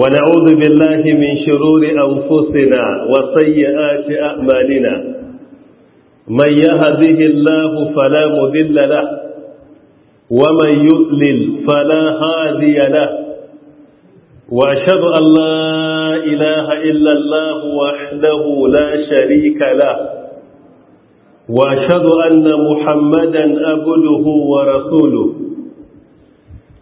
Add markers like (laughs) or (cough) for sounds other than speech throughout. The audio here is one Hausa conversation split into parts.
ونعوذ بالله من شرور أنفسنا وسيئات أعمالنا من يهده الله فلا مذل له ومن يؤلل فلا هادي له وأشهد أن لا إله إلا الله وحده لا شريك له وأشهد أن محمدا أبده ورسوله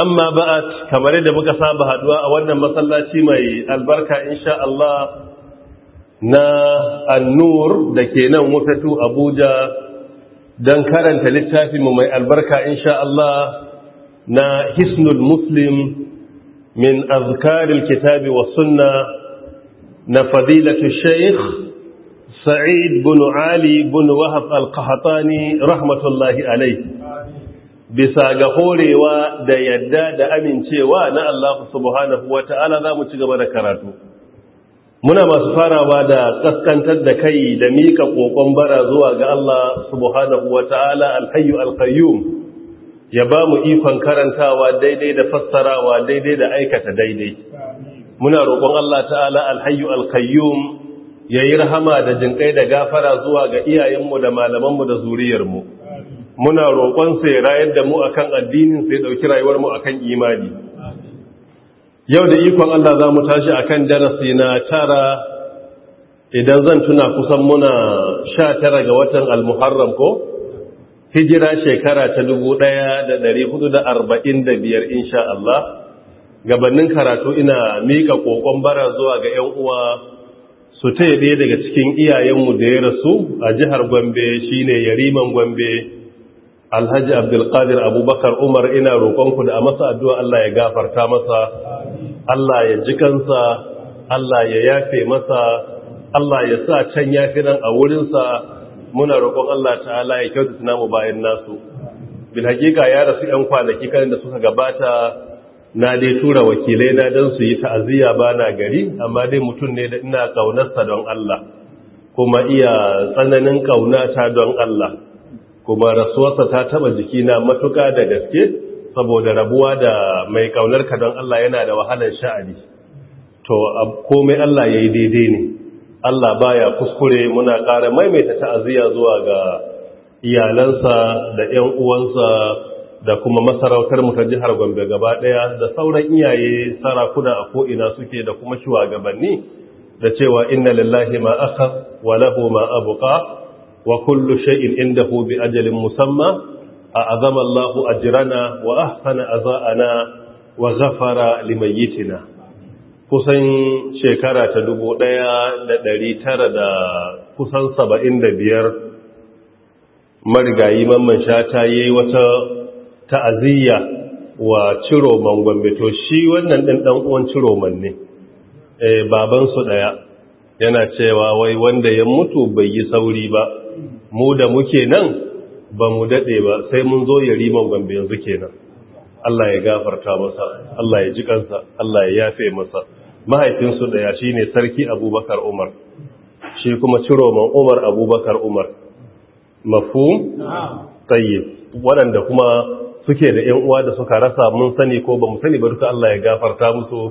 amma ba'at kamar yadda muka saba haduwa a wannan masallaci mai albarka insha Allah na annur da ke nan wufatu abuja don karanta littafinmu mai albarka insha Allah na hisnul muslim min azkaril kitabi wa sunna na fadilatu sheikh sa'id bin ali bin wahab al qahatani rahmatullahi alaihi. bisa ga horewa da yadda da amincewa na Allah subhanahu wa ta'ala za mu ci gaba da karatu. Muna masu farawa da kaskantar da kai da miƙa ƙoƙon bara zuwa ga Allah subhanahu wa ta'ala alhayu ya ba mu ikon karantawa daidai da fassarawa daidai da aikata daidai. Muna roƙon Allah ta'ala alhayu alhayyum ya yi rahama da jinƙai da gafara zuwa ga iyayenmu da malamanmu da zuriyarmu. muna roƙonsa ya rayar da mu akan addininsa ya ɗauki rayuwar mu akan imani yau da ikon Allah za mu tashi kan darasi na tara idan zan tuna kusan muna sha tara ga watan al-muharram ko hijira shekara ta dubu da ɗari hudu da arba'in da biyar insha Allah gabanin karatu ina miƙa ƙoƙon bara zuwa ga 'yan uwa su taya daga cikin iyayenmu da ya rasu a jihar gombe shine yariman gombe alhaji abdulkadir abubakar umar ina roƙonku da a masa addu'a Allah ya gafarta masa Allah ya ji kansa Allah ya yafe masa Allah ya sa can yafi nan a wurinsa muna roƙon Allah ta'ala ya kyautu namu bayan nasu bil hakika ya rasu ‘yan kwanaki kan da suka gabata na dai tura wakilai na don su yi ta'aziyya ba na gari amma dai mutum ne da ina ƙaunarsa don Allah kuma iya tsananin ƙaunata don Allah kuma rasuwarsa ta taba jikina matuƙa da gaske saboda rabuwa da mai kaunar ka don Allah yana da wahalar sha'ani to komai Allah yayi daidai ne Allah baya kuskure muna ƙara maimaita ta'aziyya zuwa ga iyalansa da ƴan uwansa da kuma masarautar mu ta jihar Gombe gaba ɗaya da sauran iyaye sarakuna a ko'ina suke da kuma shugabanni da cewa inna lillahi ma akhadha wa lahu ma wa kullu shay'in indahu bi ajalin musamma a'azama Allahu ajrana wa ahsana azana wa zafara limayyitina kusan shekara ta dubu ɗaya da ɗari tara da kusan saba'in da biyar marigayi mamman shata ya yi wata ta'aziyya wa ciroman gwambe to shi wannan ɗin ɗan'uwan ciroman ne eh, babansu ɗaya yana cewa wai wanda ya mutu bai yi sauri ba mu da muke nan ba mu dade ba sai mun zo ya riman gambe yanzu kenan Allah ya gafarta masa Allah ya ji kansa Allah ya yafe masa mahaifinsu daya shine sarki Abubakar Umar shi kuma Ciro man Umar Abubakar Umar mafhum tayyib waɗanda kuma suke da ƴan uwa da suka rasa mun sani ko ba mu sani ba duka Allah ya gafarta musu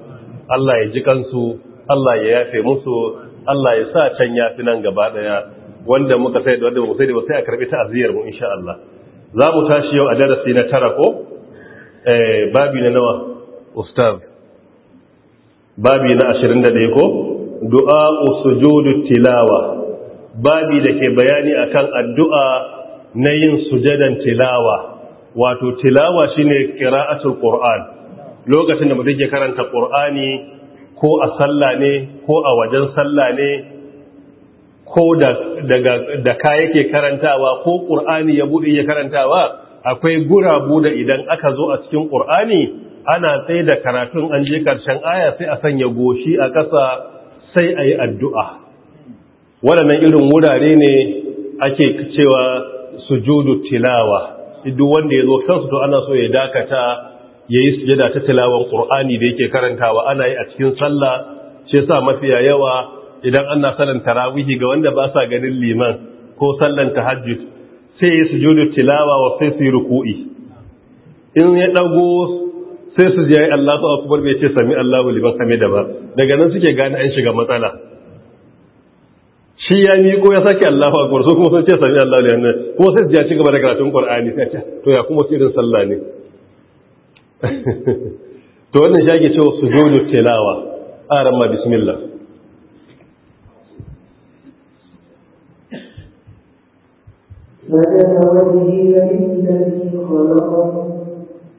Allah ya ji kansu Allah ya yafe musu Allah ya sa can ya fi nan gaba daya wanda muka sai da wanda muka sai da sai a karbi ta'aziyar mu insha Allah za mu tashi yau a darasi na tara ko eh babi na nawa ustaz babi na 21 ko du'a usujudut tilawa babi da ke bayani akan addu'a na yin sujadan tilawa wato tilawa shine qira'atul qur'an lokacin da mutum ke karanta qur'ani ko a sallah ne ko a wajen sallah ne ko da ka yake karantawa ko ƙur'ani ya buɗe ya karantawa akwai gurabu da idan aka zo a cikin ƙur'ani ana tsaye da karatun an je ƙarshen aya sai a sanya goshi a ƙasa sai a yi addu'a waɗannan irin wurare ne ake cewa sujudu tilawa duk wanda ya zo kansu to ana so ya dakata yayi sujada ta tilawar qur'ani da yake karantawa ana yi a cikin sallah shi yasa mafiya yawa idan ana sallan tarawihi ga wanda ba sa ganin liman ko sallan tahajjud sai yi sujudu tilawa wa sai su yi ruku'i in ya dago sai su ji Allahu akbar bai ce sami Allahu liman da ba daga nan suke gane an shiga matsala shi ya miko ya sake Allahu akbar so kuma sun ce sami Allahu liman ko sai su ji ci gaba da karatun Qur'ani sai ce to ya kuma irin sallah ne to wannan shage cewa sujudu tilawa aran ma bismillah فَجَعَلَ وَجْهِيَ لِلَّذِي خَلَقَهُ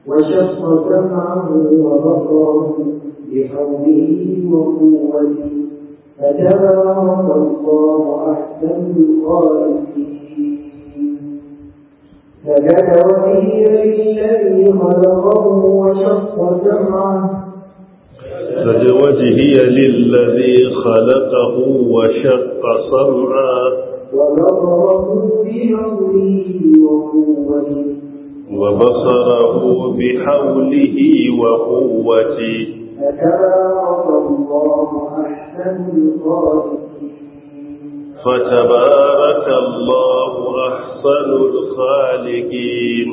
وَشَقَّ سَمْعَهُ وَبَصَرَهُ بِحَوْلِهِ وَقُوَّتِهِ فَتَبَارَكَ اللَّهُ أَحْسَنُ الْخَالِقِينَ فنذر به للذي خلقه وشق سمعه فذروت هي للذي خلقه وشق صرعا ونظره بحوله وقوته وبصره بحوله وقوته فتبارك الله أحسن الخالق فتبارك الله أحسن الخالقين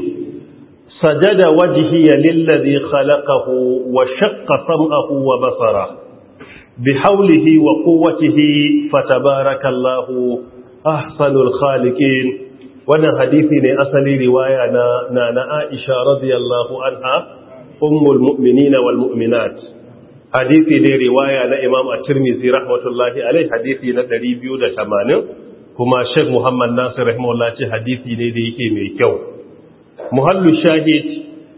سجد وجهي للذي خلقه وشق سمعه وبصره بحوله وقوته فتبارك الله أحسن الخالقين وانا حديثي أصلي رواية نانا عائشة رضي الله عنها أم المؤمنين والمؤمنات hadisi ne riwaya na imam a tirmizi rahmatullahi alai hadisi na biyu da 280 kuma sheikh muhammad nasir rahimahullah ce hadisi ne da yake mai kyau muhallu shahid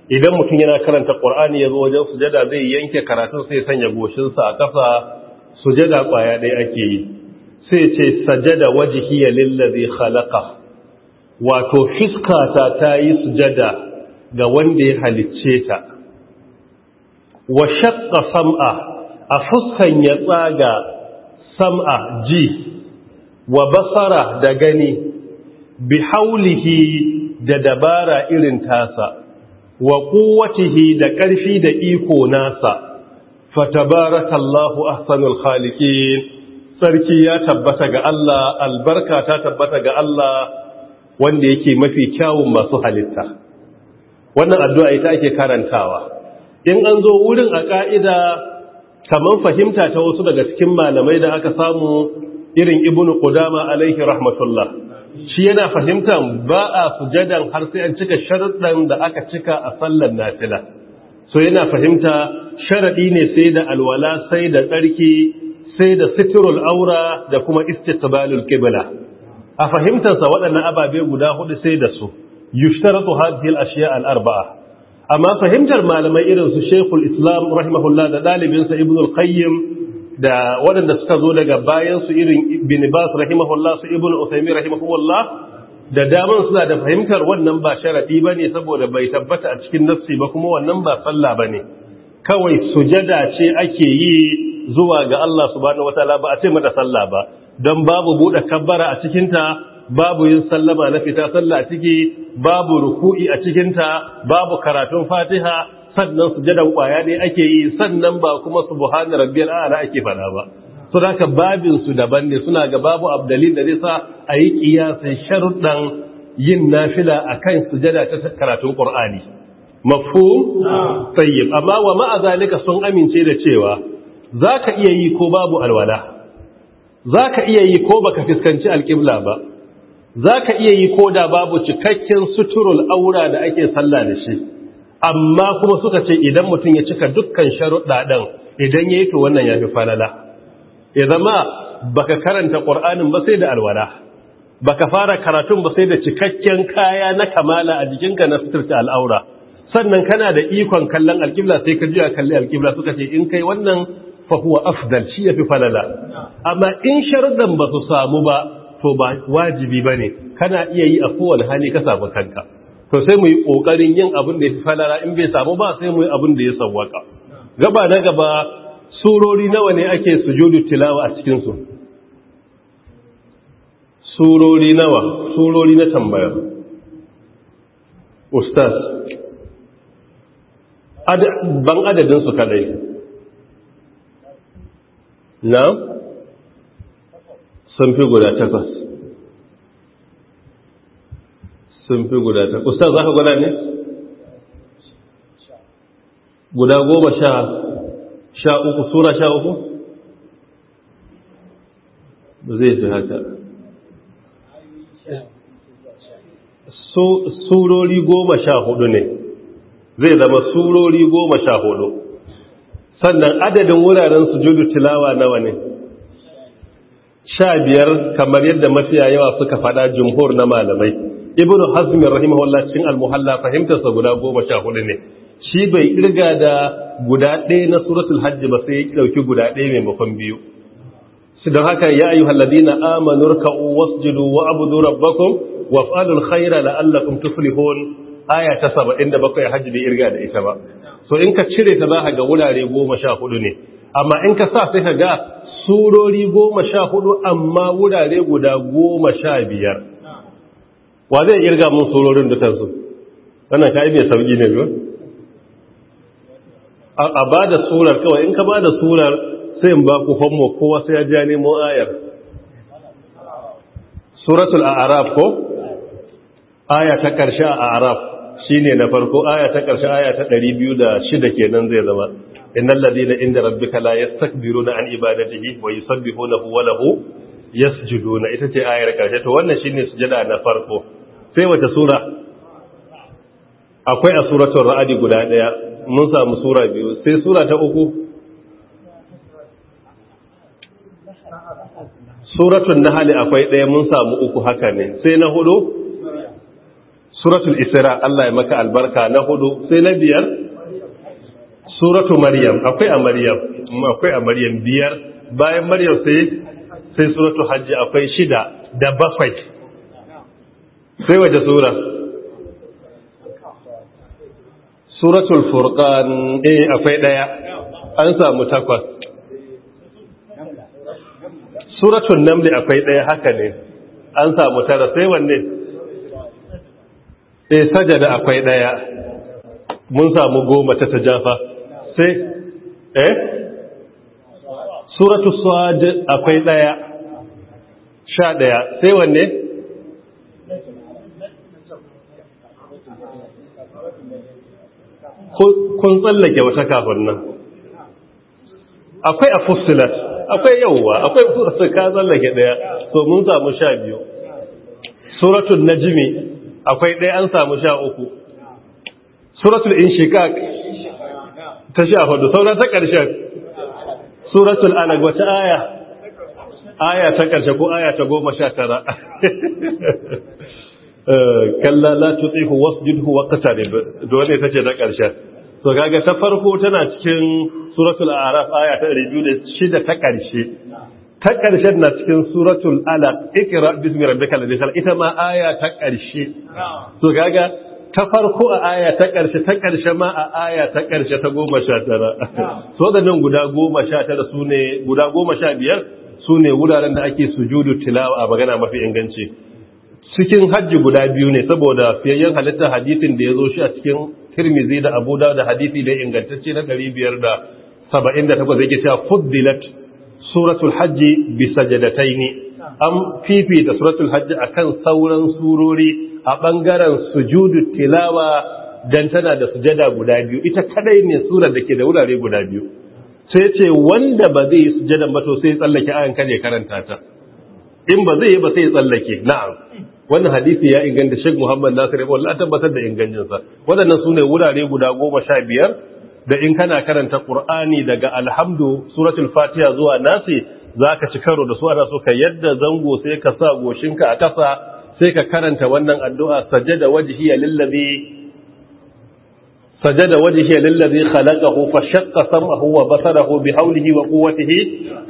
idan mutum yana karanta qur'ani zo wajen sujada zai yanke karatun sai sanya goshinsa a kasa sujada kwaya ɗaya ake yi sai ce sajada lilla zai khalaqa wato fiskata ta yi sujada ga wanda ya halicce ta wa sam'a a fuskan ya tsaga sam'a ji wa basara da gani bi haulihi da dabara irin tasa wa quwwatihi da ƙarfi da iko nasa fatabarakallahu ahsanul khaliqin sarki ya tabbata ga Allah albarka ta tabbata ga Allah wanda yake mafi kyawun masu halitta wannan addu'a ita ake karantawa in an zo wurin a ka'ida kamar fahimta ta wasu daga cikin malamai da aka samu irin ibnu qudama alaihi rahmatullah shi yana fahimtar ba a sujadan har sai an cika sharuɗan da aka cika a sallar nafila so yana fahimta sharadi ne sai da alwala sai da tsarki sai da sitrul aura da kuma istiqbalul qibla a fahimtarsa waɗannan ababe guda hudu sai da su yushtaratu hadhihi al-ashiya al-arba'a amma fahimtar malamai irin su shekul Islam rahimahullah da ɗalibinsa Ibn al-Qayyim da waɗanda suka zo daga bayan su irin Ibn Bas rahimahullah su Ibn usaymi rahimahullah da daman suna da fahimtar wannan ba sharadi bane saboda bai tabbata a cikin nafsi ba kuma wannan ba sallah bane kawai sujada ce ake yi zuwa ga Allah subhanahu wataala ba a ce mata sallah ba don babu buɗe kabbara a cikinta babu yin sallama na fita sallah a ciki babu ruku'i a cikinta babu karatun fatiha sannan jada kwaya ne ake yi sannan ba kuma subhana rabbiyar ana ake fada ba su daga babin daban ne suna ga babu abdalin da nisa a yi kiyasin sharuɗan yin nafila su sujada ta karatun Ƙur'ani. Mafu, tayyib amma wa ma'azalika sun amince da cewa za ka iya yi ko babu alwala ka iya yi ko baka fiskanci alƙibla ba za ka iya yi ko da babu cikakken suturul aura da ake sallah da shi amma kuma suka ce idan mutum ya cika dukkan sharuɗa ɗan idan ya yi to wannan ya fi falala ya zama ba ka karanta ƙur'anin ba sai da alwala ka fara karatun ba sai da cikakken kaya na kamala a jikinka na suturta al'aura sannan kana da ikon kallon alƙibla sai ka juya kalli alƙibla suka ce in kai wannan fahuwa afdal shi ya fi falala amma in sharuɗan ba su samu ba to ba wajibi ba ne kana iya yi a kowane hali ka samu kanka to sai mu yi ƙoƙarin yin abin da ya fi falara in bai samu ba sai mu yi abin da ya sauwaka gaba na gaba surori nawa ne ake sujudu tilawa a cikinsu surori nawa surori na tambaya ustaz ban adadinsu kadai na sun fi guda takwas sun fi guda takwas ustaz zaka guda gwada ne? guda goma sha uku sura sha uku? ba zai fi haka surori goma sha hudu ne zai zama surori goma sha hudu sannan adadin wuraren sujudu tilawa nawa ne? sha biyar kamar yadda mafiya yawa suka faɗa jumhur na malamai ibn hazmi rahimahullah cikin almuhalla fahimtarsa guda goma sha hudu ne shi bai kirga da guda ɗaya na suratul hajji ba sai ya ɗauki guda ɗaya maimakon biyu shi don haka ya ayyuhal ladina amanu rak'u wasjudu wa'budu rabbakum waf'alul khaira la'allakum tuflihun aya ta saba'in da bakwai hajji bai irga da ita ba so in ka cire ta za ka ga wurare goma sha hudu ne amma in ka sa sai ka ga surori goma sha hudu amma wurare guda goma sha biyar wa zai kirga mun surorin dukansu wannan ka yi mai sauki ne biyu a ba da surar kawai in ka ba da surar sai in ba ku fammo kowa sai ya ja nemo ayar suratul a'araf ko aya ta karshe a shine na farko aya ta karshe aya ta 206 kenan zai zama innal ladina inda rabbika la yastakbiruna an ibadatihi wa yusabbihunahu wa lahu yasjuduna ita ce ayar karshe to wannan shine sujada na farko sai wata sura akwai a suratul ra'd guda daya mun samu sura biyu sai sura ta uku suratul nahl akwai daya mun samu uku haka ne sai na hudu suratul isra Allah ya maka albarka na hudu sai na biyar suratu maryam akwai a maryam akwai a maryam biyar bayan maryam sai sai suratu hajji akwai shida da bakwai sai waje sura suratul furqan eh akwai daya an samu takwas suratul naml akwai daya haka ne an samu tara sai wanne eh sajada akwai daya mun samu goma ta tajafa sai eh suratu sad akwai daya sha daya sai wanne kun tsallake wata kafin nan akwai a akwai yawwa, akwai suratu ka tsallake daya to mun samu sha biyu suratun najimi akwai daya an samu sha uku suratul inshiqaq ta sha hudu sauran ta ƙarshen suratul alaq wata aya aya ta ƙarshe ko aya ta goma sha tara (laughs) eh, kalla la tutihu wasjudhu waqtarib dole ta ce ta ƙarshe so kaga ta farko tana cikin suratul araf aya ta 206 ta ƙarshe ta ƙarshe na cikin suratul alaq ikra bismi rabbikal ladhi ita ma aya ta ƙarshe so kaga ta farko a aya ta ƙarshe ta ƙarshe ma a aya ta ƙarshe ta goma sha tara so da nan guda goma sha tara su ne guda goma sha biyar su ne wuraren da ake sujudu tilawa a magana mafi inganci cikin hajji guda biyu ne saboda fiyayyen halittar hadisin da ya zo shi a cikin tirmizi da abu da da hadisi da ingantacce na ɗari biyar da saba'in da takwas yake cewa fuddilat suratul hajji bisa jadatai ne an fifita suratul hajji kan sauran surori a ɓangaren sujudu tilawa dan tana da sujada guda biyu ita kadai ne sura da ke da wurare guda biyu sai ce wanda ba zai yi sujadan ba to sai tsallake ayan kan karanta ta in ba zai yi ba sai tsallake na'am wannan hadisi ya inganta Sheikh Muhammad Nasir ibn Allah tabbatar da ingancinsa wadannan sune wurare guda goma biyar. da in kana karanta Qur'ani daga alhamdu suratul Fatiha zuwa Nasi zaka ci karo da su ana so ka yadda zango sai ka sa goshinka a kasa sai ka karanta wannan addu'a sajada wajhiya lillazi sajada wajhiya lillazi khalaqahu fa shaqqa sam'ahu wa basarahu bi hawlihi wa quwwatihi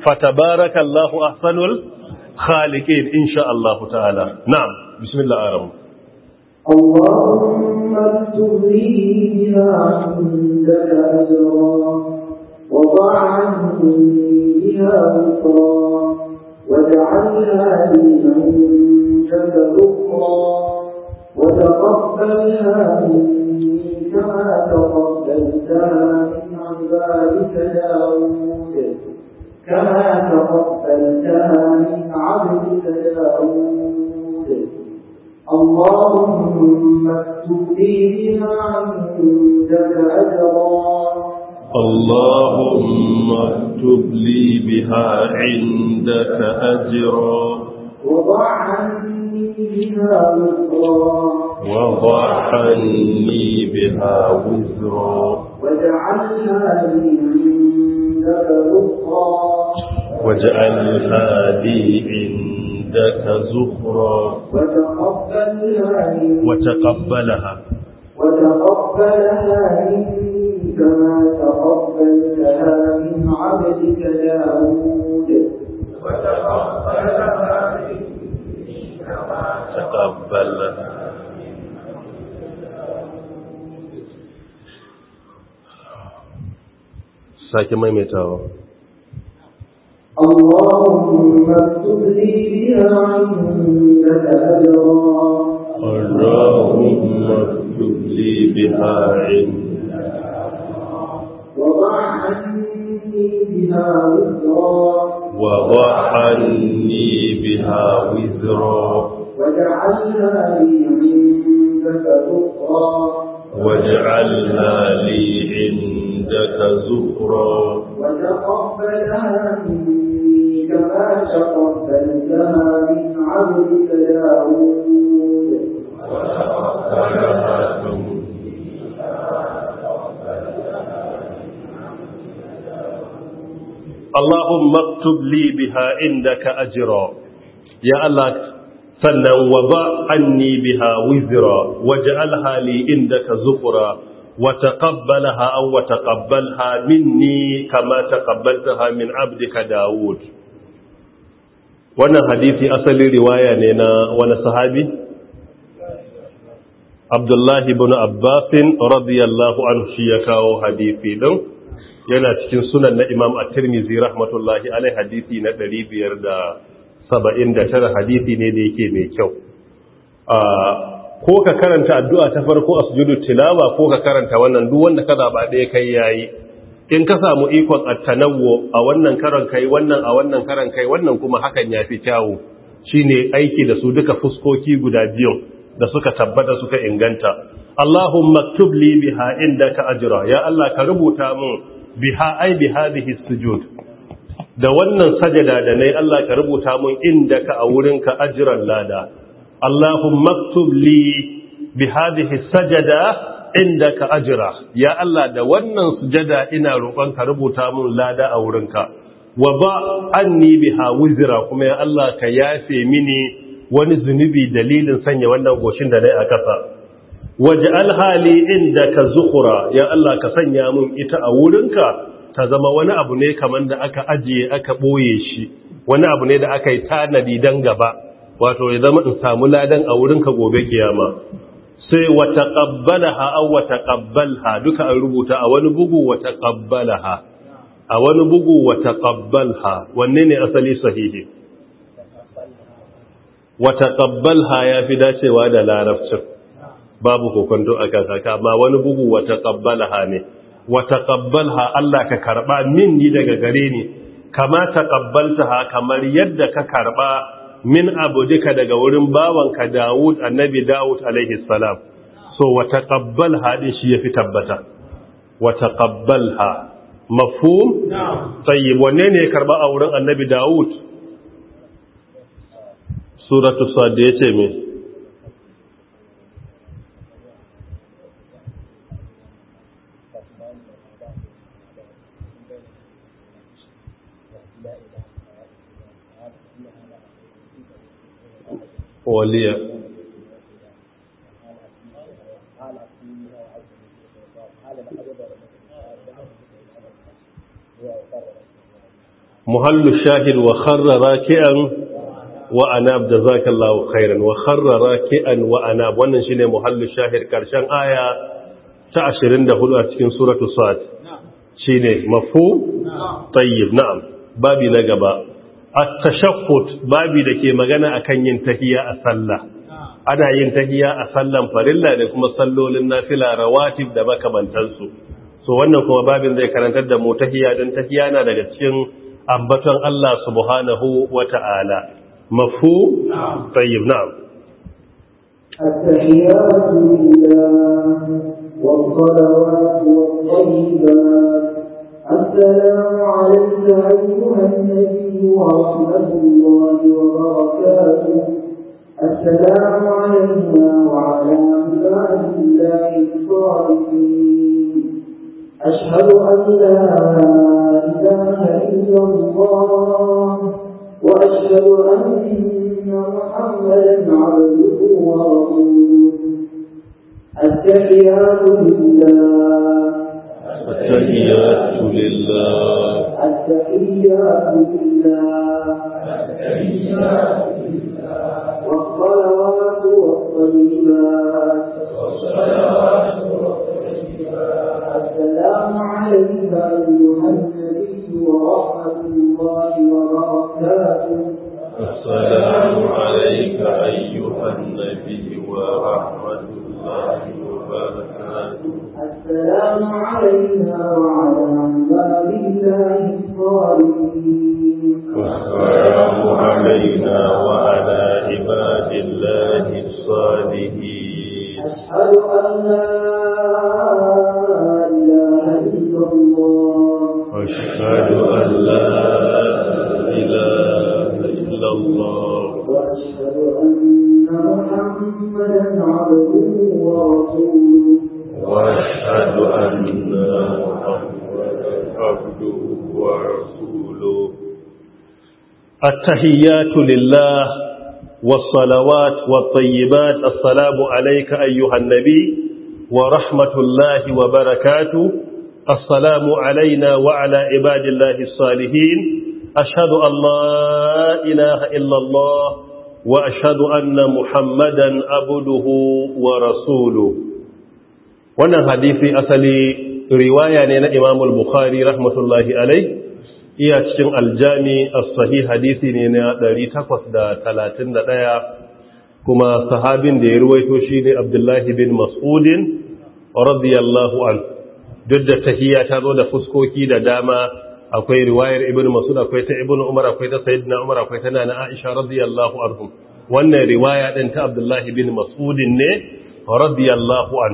fatabarakallahu ahsanul khaliqin insha Allah ta'ala na'am bismillah aram اللهم اكتب لي بما عندك أجرا وضع عني بها وطرا وجعلنا لمن ذكرا وتقبلها مني كما تقبلتها من عبادك داود كما تقبلتها من عبدك داود اللهم اكتب فيهما عن عندك أجرا اللهم اكتب لي بها عندك أجرا وضع عني بها وزرا واجعل عني واجعلها لي عندك لي زخرا وتقبلها وتقبلها كما تقبلتها من عبدك داود تقبل sake maimaitawa اللهم اكتب لي بها عندك أجرا اللهم اكتب لي بها عندك وضع عني بها وزرا وجعلها واجعلها لي عندك ذكرا وتقبلها مني كما تقبلتها من عبدك داود وتقبلها Allahumma maktub li biha ka ajiro, ya Allah sannan wa ba ni biha wizra waj'alha li indaka zukura wa taqabbalaha ha min ni kamata ƙabbalta ha min abdika Dawud wannan hadisi asalin riwaya ne na wani sahabi Abdullahi ibn Abbasin radiyallahu an shi ya kawo hadisi ɗin. yana cikin sunan na imam a tirmidhi rahmatullahi alai hadisi na 579 hadisi ne da yake mai kyau ko ka karanta addu'a ta farko a sujudu tilawa ko ka karanta wannan duk wanda ka zaba ɗaya kai yayi in ka samu ikon attanawwo a wannan karan kai wannan a wannan karan kai wannan kuma hakan ya fi kyawo Shi ne aiki da su duka fuskoki guda biyu da suka tabbata suka inganta Allahumma maktub li biha indaka ajra ya Allah ka rubuta mun biha ai bi hadhihi sujud da wannan sajada da nayi Allah ka rubuta mun inda ka a wurin ka ajran lada Allahumma maktub li bi hadhihi sajada inda ka ajra ya Allah da wannan sujada ina roƙon ka rubuta mun lada a wurin ka wa ba anni biha wizra kuma ya Allah ka yafe mini wani zunubi dalilin sanya wannan goshin da nayi a kasa waje alhali inda ka zuhura ya Allah ka sanya mun ita a wurinka ta zama wani abu ne kamar da aka ajiye aka ɓoye shi wani abu ne da aka yi tanadi dan gaba wato ya zama in samu ladan a wurinka gobe kiyama sai wa taqabbalaha aw wa taqabbalha duka an rubuta a wani bugu wa taqabbalaha a wani bugu wa taqabbalha wanne ne asali sahihi wa taqabbalha ya fi dacewa da larabcin babu kokonto a kan amma wani bugu ƙabbala ha ne ƙabbala ha Allah ka karɓa min ni daga gare ni kama ha kamar yadda ka karɓa min abudika daga wurin bawanka Dawud annabi Dawud alaihi salam so ƙabbala ha din shi yafi tabbata ƙabbala ha. mafhum tayyib wanne ne karba a wurin annabi Dawud suratu sad ce me وليا محل الشاهد وخر راكعا واناب جزاك الله خيرا وخر راكعا واناب wannan shine muhallu shahir karshen aya ta 24 a cikin suratul sad shine mafhum tayyib na'am babi na gaba at-tashaqqut babi da ke magana akan yin tahiyya a sallah ana yin tahiyya a sallan farilla da kuma sallolin nafila rawatib da su so wannan kuma babin zai karantar da mu tahiyya dan tahiyya na daga cikin ambaton Allah subhanahu wata'ala mafhum tayyib na'am at-tahiyyatu lillah wa السلام عليك أيها النبي ورحمة الله وبركاته السلام علينا وعلى عباد الله الصالحين أشهد أن لا إله إلا الله وأشهد أن محمدا عبده ورسوله التحيات لله التحيات لله التحيات لله التحيات لله والصلوات والطيبات السلام عليك أيها النبي ورحمة الله وبركاته السلام عليك أيها النبي ورحمة التحيات لله والصلوات والطيبات السلام عليك أيها النبي ورحمة الله وبركاته السلام علينا وعلى عباد الله الصالحين أشهد أن لا إله إلا الله وأشهد أن محمدا عبده ورسوله wannan hadisi asali riwaya ne na Imam al-Bukhari rahmatullahi alayhi iya cikin aljami a sahi hadisi ne na ɗaya kuma sahabin da ya ruwaito shi ne Abdullahi bin Mas'udin, radiyallahu an duk da tahiya ta zo da fuskoki da dama akwai riwayar Ibn Mas'ud akwai ta Ibn Umar akwai ta Sayyidina Umar akwai ta Nana Aisha radiyallahu anhum wannan riwaya ɗin ta Abdullahi bin Mas'udin ne radiyallahu an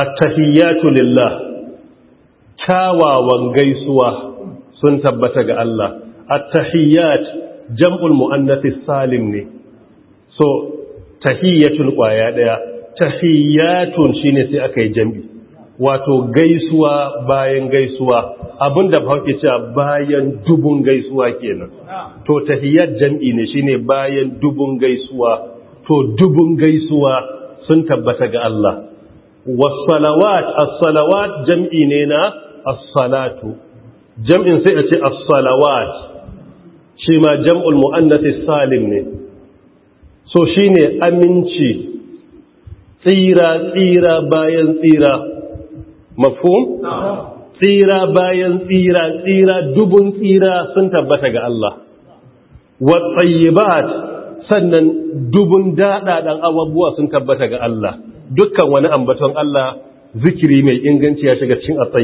at-tahiyyatu lillah kyawawan gaisuwa sun tabbata ga Allah at-tahiyyat jam'ul muannathis salim ne so tahiyyatul kwaya daya tahiyyatun shine sai aka yi jam'i wato gaisuwa bayan gaisuwa abinda ba ke cewa bayan dubun gaisuwa kenan to tahiyyat jam'i ne shine bayan dubun gaisuwa to dubun gaisuwa sun tabbata ga Allah was salawat as-salawat jam'i ne na as-salatu jam'in sai a ce as-salawat shi ma jam'ul mu'annati salim ne so shi ne aminci tsira tsira bayan tsira mafhum tsira bayan tsira tsira dubun tsira sun tabbata ga Allah wa sannan dubun daɗaɗan abubuwa sun tabbata ga Allah dukkan wani ambaton Allah zikiri mai inganci ya shiga cikin at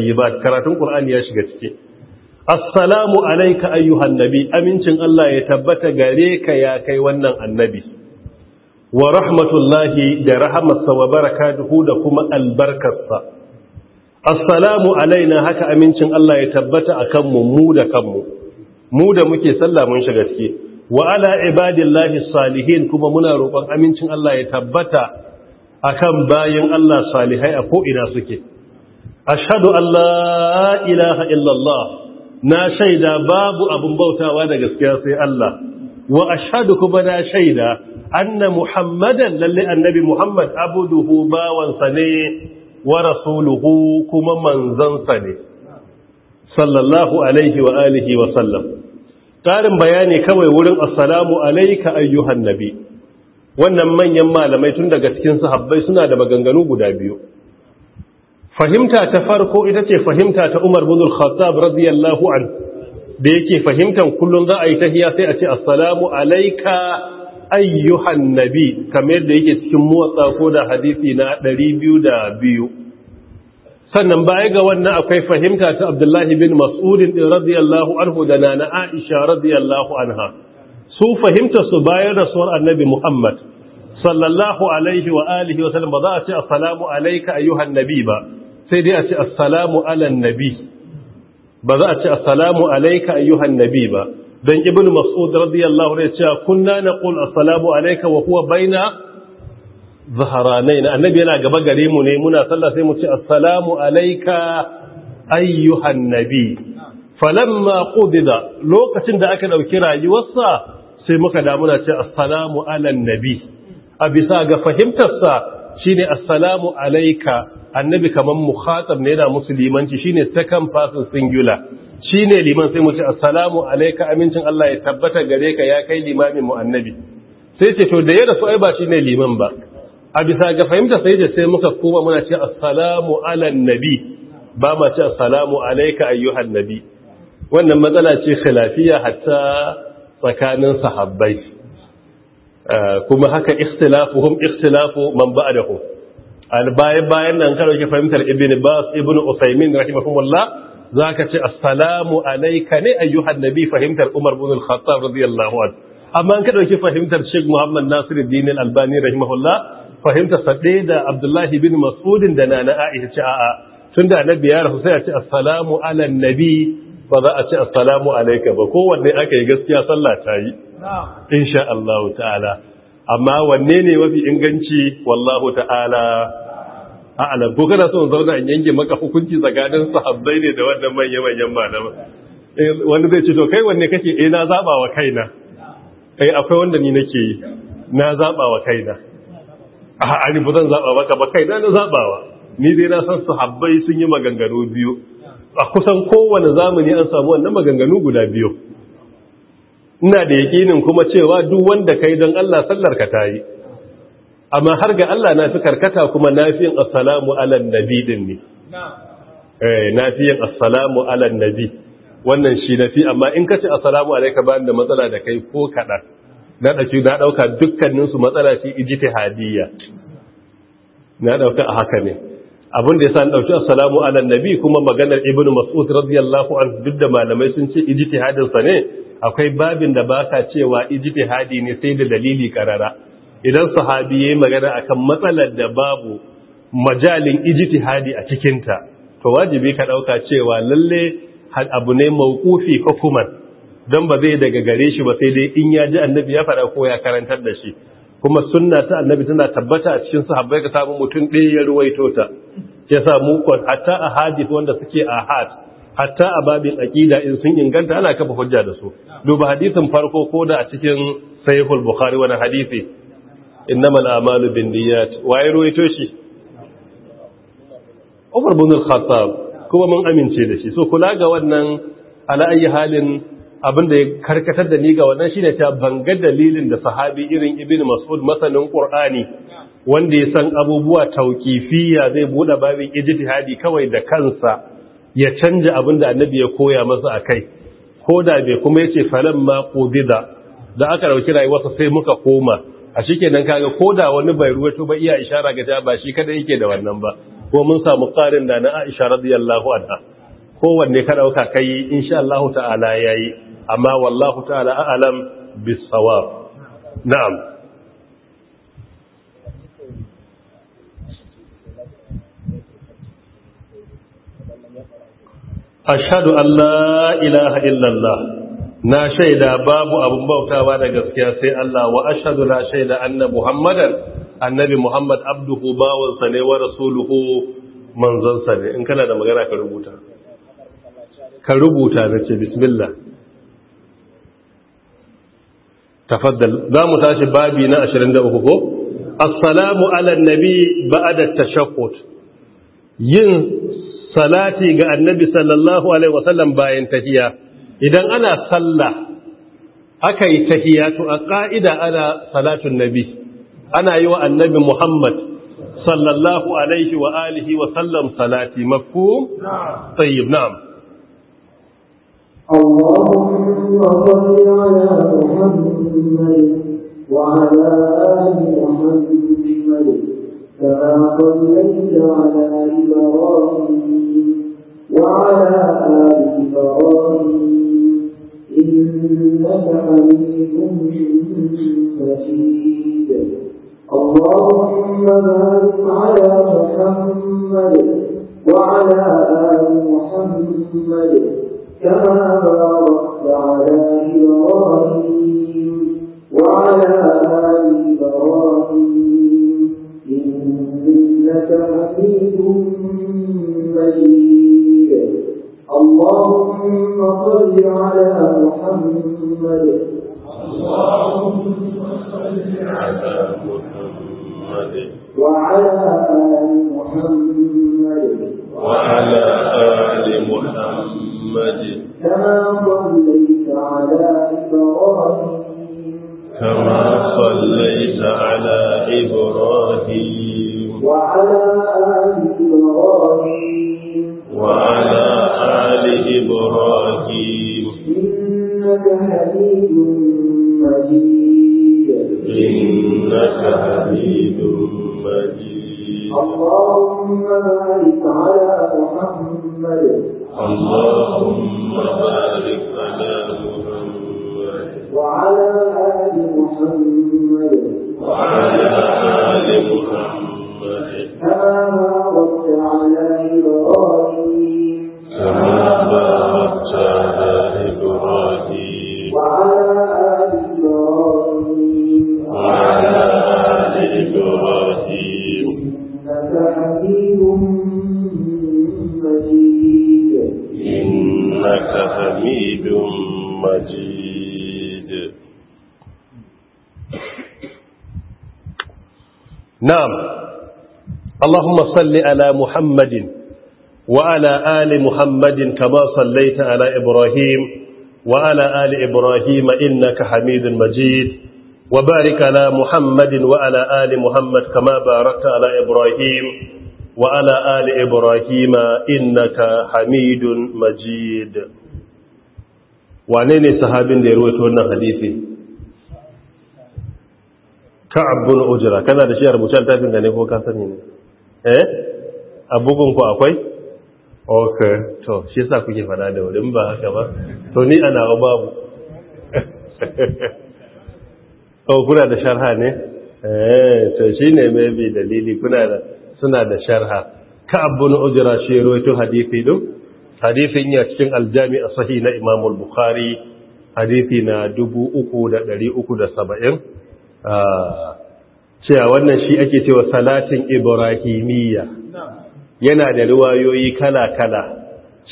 karatun ƙur'ani ya shiga ciki assalamu alaika ayyuhan nabi amincin Allah ya tabbata gare ka ya kai wannan annabi wa rahmatullahi da rahamarsa wa barakatuhu da kuma albarkarsa assalamu alaina haka amincin Allah ya tabbata akan mu mu da kanmu mu da muke sallamun mun shiga wa ala ibadillahi salihin kuma muna roƙon amincin Allah ya tabbata akan bayan Allah salihai a ko ina suke ashhadu an la ilaha illallah na shaida babu abin bautawa da gaskiya sai Allah wa ashhadu kuma na shaida anna muhammadan lalle annabi muhammad abuduhu bawansa ne wa rasuluhu kuma manzansa ne sallallahu alaihi wa alihi wa sallam ƙarin bayani kawai wurin assalamu alaika ayyuhan nabi wannan manyan malamai tun daga cikin sahabbai suna da maganganu guda biyu fahimta ta farko ita ce fahimta ta Umar bin Khattab radiyallahu an da yake fahimtan kullun za a yi tahiya sai a ce assalamu alayka ayyuhan nabi kamar da yake cikin motsa ko da hadisi na 202 sannan baya ga wannan akwai fahimta ta Abdullahi bin Mas'ud radiyallahu anhu da nana Aisha radiyallahu anha su fahimta su bayan rasuwar annabi Muhammad sallallahu alaihi wa alihi wa sallam ba za a ce assalamu alayka ayyuhan nabi ba sai dai a ce assalamu ala nabi ba za a ce assalamu alayka ayyuhan nabi ba dan ibnu mas'ud radiyallahu anhu ya ce kunna naqul assalamu alayka wa huwa baina naina. annabi yana gaba gare mu ne muna sallah sai mu ce assalamu alayka ayyuhan nabi falamma qudida lokacin da aka dauki rayuwarsa sai muka da muna ce assalamu ala nabi a bisa ga fahimtarsa Shi ne assalamu alaika annabi kaman mukhatab ne da musulmanci Shi ne second person singular Shi ne liman sai mu ce assalamu alaika. amincin Allah ya tabbata gare ka ya kai limamin mu annabi sai ce to da yadda su ai ba shine liman ba a bisa ga fahimta sai ce sai muka koma muna ce assalamu ala nabi ba ma ce assalamu alaika ayyuhan nabi wannan matsala ce khilafiya hatta tsakanin sahabbai Eh, kuma haka ikhtilafuhum ikhtilafu man ba'dahum albayan bayan nan ka dauki fahimtar ibn bas ibn usaymin rahimahumullah zaka ce assalamu alayka ne ayyuhan nabi fahimtar umar ibn al-khattab radiyallahu anhu amma ka yake fahimtar sheikh muhammad nasiruddin al-albani rahimahullah fahimtar sade da abdullahi ibn mas'ud da nana aisha ce a'a tunda annabi ya rasu sai a ce assalamu ala nabi ba za a ce assalamu alayka ba kowanne aka yi gaskiya sallah ta yi insha Allah ta'ala amma wanne ne mafi inganci wallahu ta'ala a'lam ko kana son zauna in yanke maka hukunci tsakanin sahabbai ne da wannan manyan manyan malama eh, wanda zai ce to kai wanne kake eh na zaba wa kaina kai eh, akwai wanda ni nake yi na zaba wa kaina a ani ba zan zaba maka ba kaina na wa. ni dai na san sahabbai sun yi maganganu biyu a kusan kowane zamani an samu wannan maganganu guda biyu ina da yaƙinin kuma cewa duk wanda kai don Allah sallar ka tayi amma har ga Allah na fi karkata kuma nafiyin assalamu ala nabi din ne eh nafiyin assalamu ala nabi wannan shi nafi amma in kace assalamu alayka ba da matsala da kai ko kaɗan. na dauki na dauka dukkanin su matsala shi ijtihadiyya na dauka a haka ne abin da yasa na dauki assalamu ala nabi kuma maganar ibnu mas'ud radiyallahu anhu duk da malamai sun ce ijtihadin sa ne akwai babin da ba ka cewa ijtihadi ne sai da dalili karara idan sahabi yayi magana akan matsalar da babu majalin ijtihadi a cikin ta to wajibi ka dauka cewa lalle abu ne mawqufi hukuman don ba zai daga gare shi ba sai dai in ya ji annabi ya fara ko ya karantar da shi kuma sunna ta annabi tana tabbata a cikin sahabbai ka samu mutum ɗaya ya ruwaito ta ya samu kon hatta a ahadith wanda suke a ahad hatta a babin aqida in sun inganta ana kafa hujja da su duba hadisin farko ko da a cikin sahihul bukhari wani hadisi innamal a'malu niyyat waye ayru shi Umar bin al-Khattab kuma mun amince da shi so kula ga wannan ala ayi halin abin da ya karkatar da ni ga wannan shine ta banga dalilin da sahabi irin Ibn Mas'ud masanin Qur'ani wanda ya san abubuwa tauqifiyya zai bude babin ijtihadi kawai da kansa ya canja abin da annabi ya koya masa a kai ko da bai kuma ya ce falon ma ƙobida da aka rauki rayuwarsa sai muka koma a shi kenan kaga ko da wani bai ruwato ba iya ishara ga ta ba shi kada yake da wannan ba ko mun samu ƙarin da na aisha radiyallahu anha wanne ka dauka kai insha Allah ta'ala yayi amma wallahu ta'ala a'lam bis na'am ashadu Allah ilaha illallah na shaida babu abin bautawa da gaskiya sai Allah wa ashadu na shaida anna muhammadan annabi muhammad abduhu bawansa ne wa rasuluhu manzansa ne in kana da magana ka rubuta ka rubuta da ce bismillah tafaddal za mu tashi babi na 23 ko assalamu ala nabi ba'da tashaqqut yin salati ga annabi sallallahu alaihi wasallam bayan tahiya idan ana sallah aka yi tahiya to a ka'ida ana salatun nabi ana yi wa annabi muhammad sallallahu alaihi wa alihi wa sallam salati mafhum tayyib na'am Allahumma salli ala على wa ala ali محمد كما صليت على إبراهيم وعلى آل إبراهيم إنك حميد مجيد اللهم بارك على محمد وعلى آل محمد كما باركت على إبراهيم وعلى آل إبراهيم إنك حبيب مجيد اللهم صل على محمد اللهم صل على محمد وعلى آل محمد وعلى آل محمد كما صليت على إبراهيم كما صليت على إبراهيم وعلى آل إبراهيم وعلى آل إبراهيم إنك حميد مجيد إنك حميد اللهم بارك على محمد اللهم بارك على وعلى آل محمد وعلى آل محمد اللهم صل على محمد وعلى آل محمد كما صليت على إبراهيم وعلى آل إبراهيم إنك حميد مجيد وبارك على محمد وعلى آل محمد كما باركت على إبراهيم وعلى آل إبراهيم إنك حميد مجيد وعنين صحابين ليرويتون حديثي كعب بن أجرة كان هذا شيء ربو شان تافين داني هو كان سنين eh a bugunku akwai ok to shi sa kuke fada da wurin ba haka ba to ni ana babu (laughs) To kuna da sharha ne eh to shi ne maybe dalili kuna da suna da sharha ka abun ujira shi roito hadifi duk Hadifin ya cikin aljami a sahi na imamul bukhari hadisi na 3,370 cewa wannan shi ake cewa salatin ibrahimiyya yana da riwayoyi kala-kala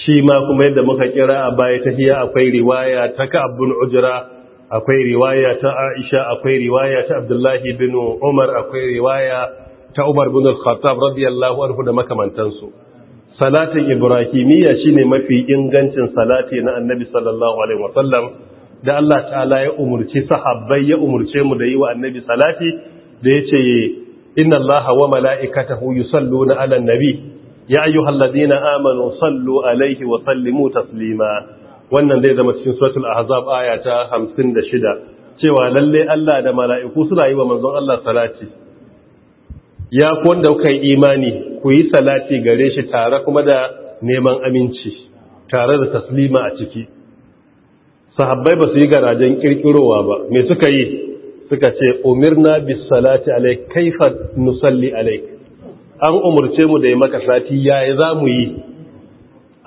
shi ma kuma yadda muka kira a baya ta hiya akwai riwaya ta ka'abun ujira akwai riwaya ta aisha akwai riwaya ta abdullahi bin umar akwai riwaya ta umar bin al-khattab radiyallahu anhu da makamantansu salatin ibrahimiyya shine mafi ingancin salati na annabi sallallahu alaihi wasallam da Allah ta'ala ya umurci sahabbai ya umurce mu da yi wa annabi salati da ya ce inna allaha wa mala'ikatahu na 'alan nabi ya na amanu sallu alaihi wa sallimu taslima wannan zai zama cikin suratul ahzab aya ta hamsin 56 cewa lalle Allah da mala'iku suna yi wa manzon Allah salati ya ku wanda kuka yi imani ku yi salati gare shi tare kuma da neman aminci tare da taslima a ciki sahabbai ba su yi garajen kirkirowa ba me suka yi suka ce umirna bis salati alai kaifar nusalli alai an umurce mu da ya maka sati yayi zamu yi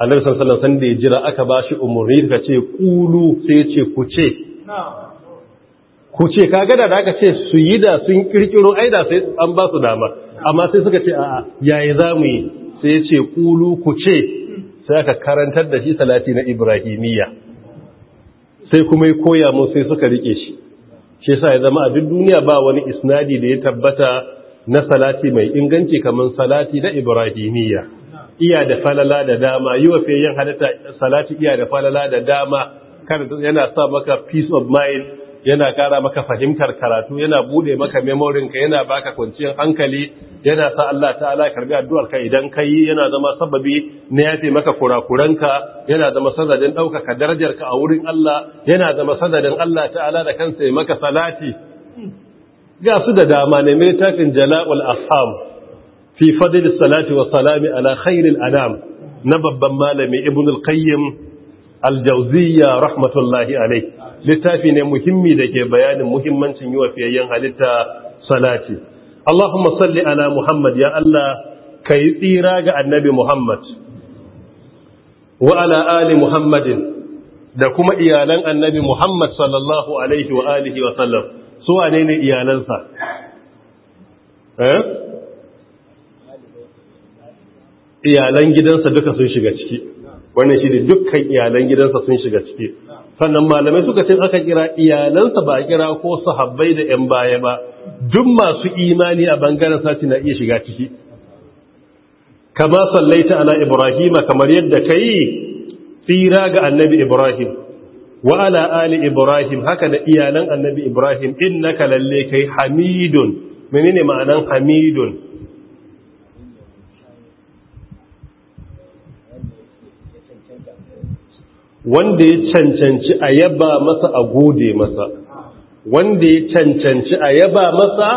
annabi sallallahu alaihi wasallam da ya jira aka bashi umurni suka ce qulu sai ce ku ce ku ce kaga da aka ce su yi da sun kirkiro aida sai an ba su dama amma sai suka ce a'a yayi zamu yi sai ce qulu ku ce sai aka karantar da shi salati na ibrahimiyya sai kuma ya koya mu sai suka rike shi shi sa ya zama a duniya ba wani isnadi da ya tabbata na salati mai inganci kamar salati na ibrahimiyya iya da falala da dama yi wa yin halitta salati iya da falala da dama kan yana sa maka peace of mind yana ƙara maka fahimtar karatu yana bude maka memorinka yana baka kwanciyar hankali yana sa Allah ta'ala karbi addu'arka idan yi, yana zama sababi na yafe maka kurakuranka yana zama sanadin ɗaukaka darajarka a wurin Allah yana zama sanadin Allah ta'ala da kansa ya maka salati ga su da dama ne mai tafin jala'ul ashab fi fadil salati wa salami ala khairil anam na babban malami ibn al-qayyim al-jawziyya rahmatullahi alayhi littafi ne muhimmi da ke bayanin muhimmancin yi wa fiyayyen halitta salati Allahumma salli ala Muhammad ya Allah ka yi tsira ga annabi Muhammad wa ala ali Muhammadin da kuma iyalan annabi Muhammad sallallahu alaihi wa alihi wa sallam su wane ne iyalansa eh? iyalan gidansa duka sun shiga ciki Wani shi ne dukkan iyalan gidansa sun shiga ciki sannan malamai suka ce aka kira iyalansa ba a kira ko sahabbai da ‘yan baya ba duk masu imani a bangaren sati na iya shiga ciki kama sallaita ala ibrahima kamar yadda ka yi tsira ga annabi ibrahim wa ala ali ibrahim haka da iyalan annabi ibrahim innaka lalle kai hamidun menene ma'anan hamidun wanda ya cancanci a yaba masa a gode masa wanda ya cancanci a yaba masa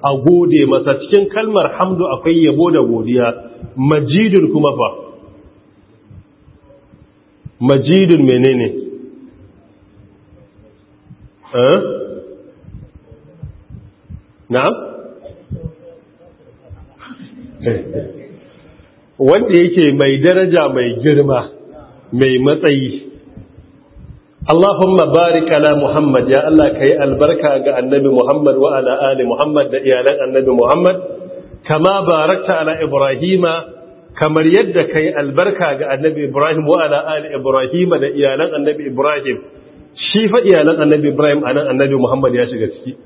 a gode masa cikin kalmar hamdu akwai yabo da godiya majidun kuma fa majidun menene eh? na (laughs) wanda yake mai daraja mai girma mai matsayi Allahumma barik ala Muhammad ya Allah kai albarka ga annabi Muhammad wa ala ali Muhammad da iyalan annabi Muhammad kama barakta ala Ibrahima kamar yadda kai albarka ga annabi Ibrahim wa ala ali Ibrahima da iyalan annabi Ibrahim shi fa iyalan annabi Ibrahim anan annabi Muhammad ya shiga ciki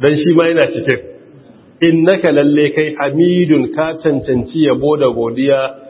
dan shi ma yana cikin innaka lalle kai hamidun ka cancanci yabo da godiya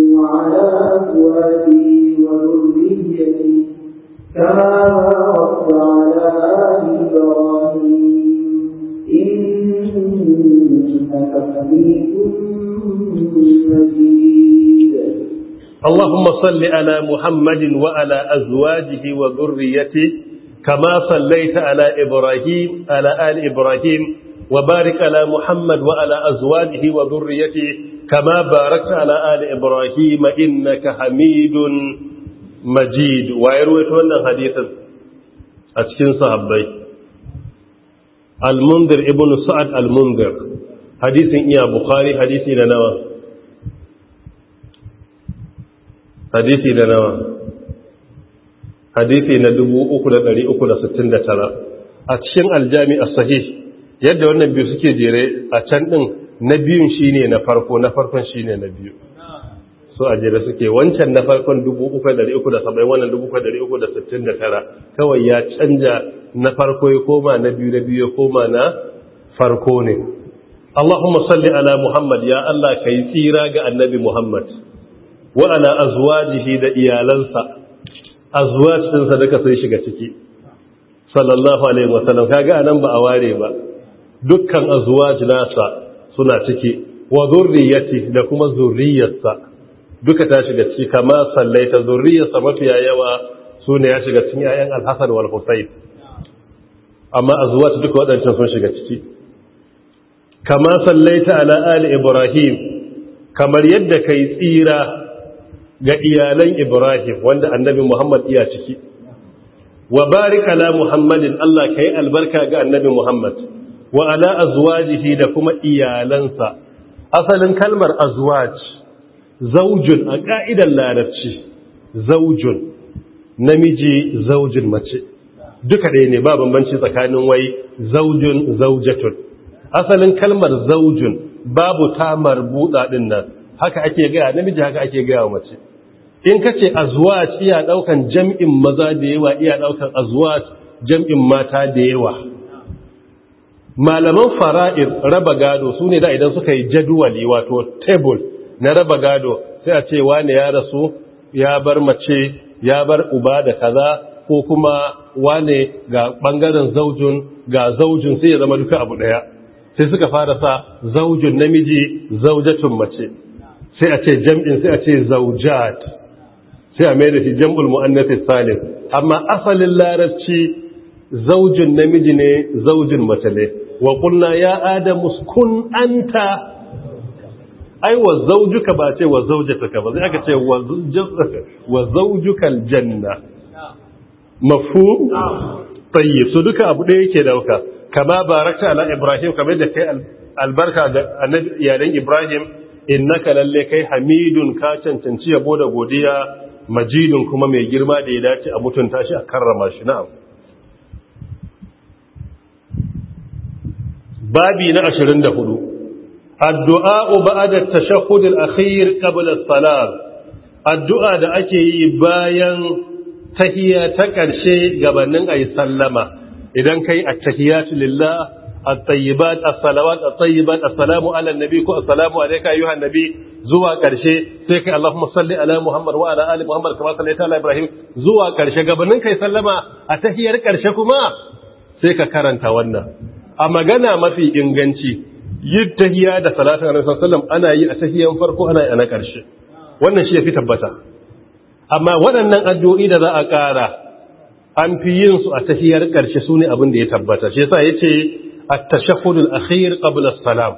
على أزواجه وذريته كما باركت على إبراهيم إنك حميد مجيد اللهم صل على محمد وعلى أزواجه وذريته كما صليت على إبراهيم على آل إبراهيم وبارك على محمد وعلى أزواجه وذريته كما باركت على آل إبراهيم إنك حميد مجيد ويرويت تولى حديثا أتكين صحبي المنذر ابن سعد المنذر حديث يا بخاري حديث إلى نوى حديث إلى نوى حديث إلى دبو أكل أري أكل ستين ترى أتكين الجامع الصحيح yadda wannan biyu suke jere a can ɗin na biyun shine na farko na farkon shine na biyu so a jere suke wancan na farkon 3,370 wannan 3,369 kawai ya canja na farko ya koma na biyu na biyu ya koma na farko ne Allahumma salli ala Muhammad ya Allah ka yi tsira ga annabi Muhammad wa ala azwajihi da iyalansa azwajinsa duka sun shiga ciki sallallahu alaihi wasallam kaga anan ba a ware ba dukkan azwaj nasa suna ciki wa zurriyati da kuma zurriyarsa duka ta shiga ciki kama sallaita zurriyarsa mafiya yawa su ne ya shiga cikin yayan alhassan wal husayn amma ta duka waɗancan sun shiga ciki kama sallaita ala ali ibrahim kamar yadda kai tsira ga iyalan ibrahim wanda annabi muhammad iya ciki wa barik muhammadin allah kai albarka ga annabi muhammad wa ala azwajihi da kuma iyalansa asalin kalmar azwaj zaujun a ka'idar larabci zaujun namiji zaujin mace duka ɗaya ne ba bambanci tsakanin wai zaujun zaujatun asalin kalmar zaujun babu tamar buɗa ɗin nan haka ake gaya namiji haka ake gaya mace in ka ce azwaj iya ɗaukan jam'in maza da yawa iya ɗaukan azwaj jam'in mata da yawa malaman fara'ir raba gado su ne da idan suka yi jadwali wato table na raba gado sai a ce wane ya rasu ya bar mace ya bar uba da kaza ko kuma wane ga bangaren zaujun ga zaujun sai ya zama duka abu daya sai suka fara sa zaujun namiji zaujatun mace sai a ce jam'in sai a ce zaujat sai a mai shi jam'ul mu'annatis salim amma asalin larabci zaujin namiji ne zaujin mace ne wa qulna ya Adamu kun anta ai wa zawjuka ba ce wa zawjataka ba sai aka ce wa zawjuka aljanna mafhum tayyib so duka abu ɗaya yake dauka kama Baraka ala ibrahim kamar da kai albarka ga iyalan ibrahim innaka lalle kai hamidun ka cancanci yabo da godiya majidun kuma mai girma da ya dace a mutunta shi a karrama shi na'am babi na 24 addu'a ba'da tashahhud al-akhir qabla as-salat addu'a da ake yi bayan tahiyya ta karshe gabanin ayi sallama idan kai at-tahiyatu lillah at-tayyibat as-salawat at-tayyibat assalamu ala an-nabi ko assalamu alayka ayyuhan nabi zuwa karshe sai kai Allahumma salli ala Muhammad wa ala ali Muhammad kama sallaita ala Ibrahim zuwa karshe gabanin kai sallama a tahiyar karshe kuma sai ka karanta wannan a magana mafi inganci yi tahiya da salatin annabi salam ana yi a tahiyan farko ana yi a na ƙarshe wannan shi ya fi tabbata amma waɗannan addu'o'i da za a ƙara an fi yin su a tahiyar ƙarshe su ne abin da ya tabbata shi ya yace a tashahhudul akhir qabla salam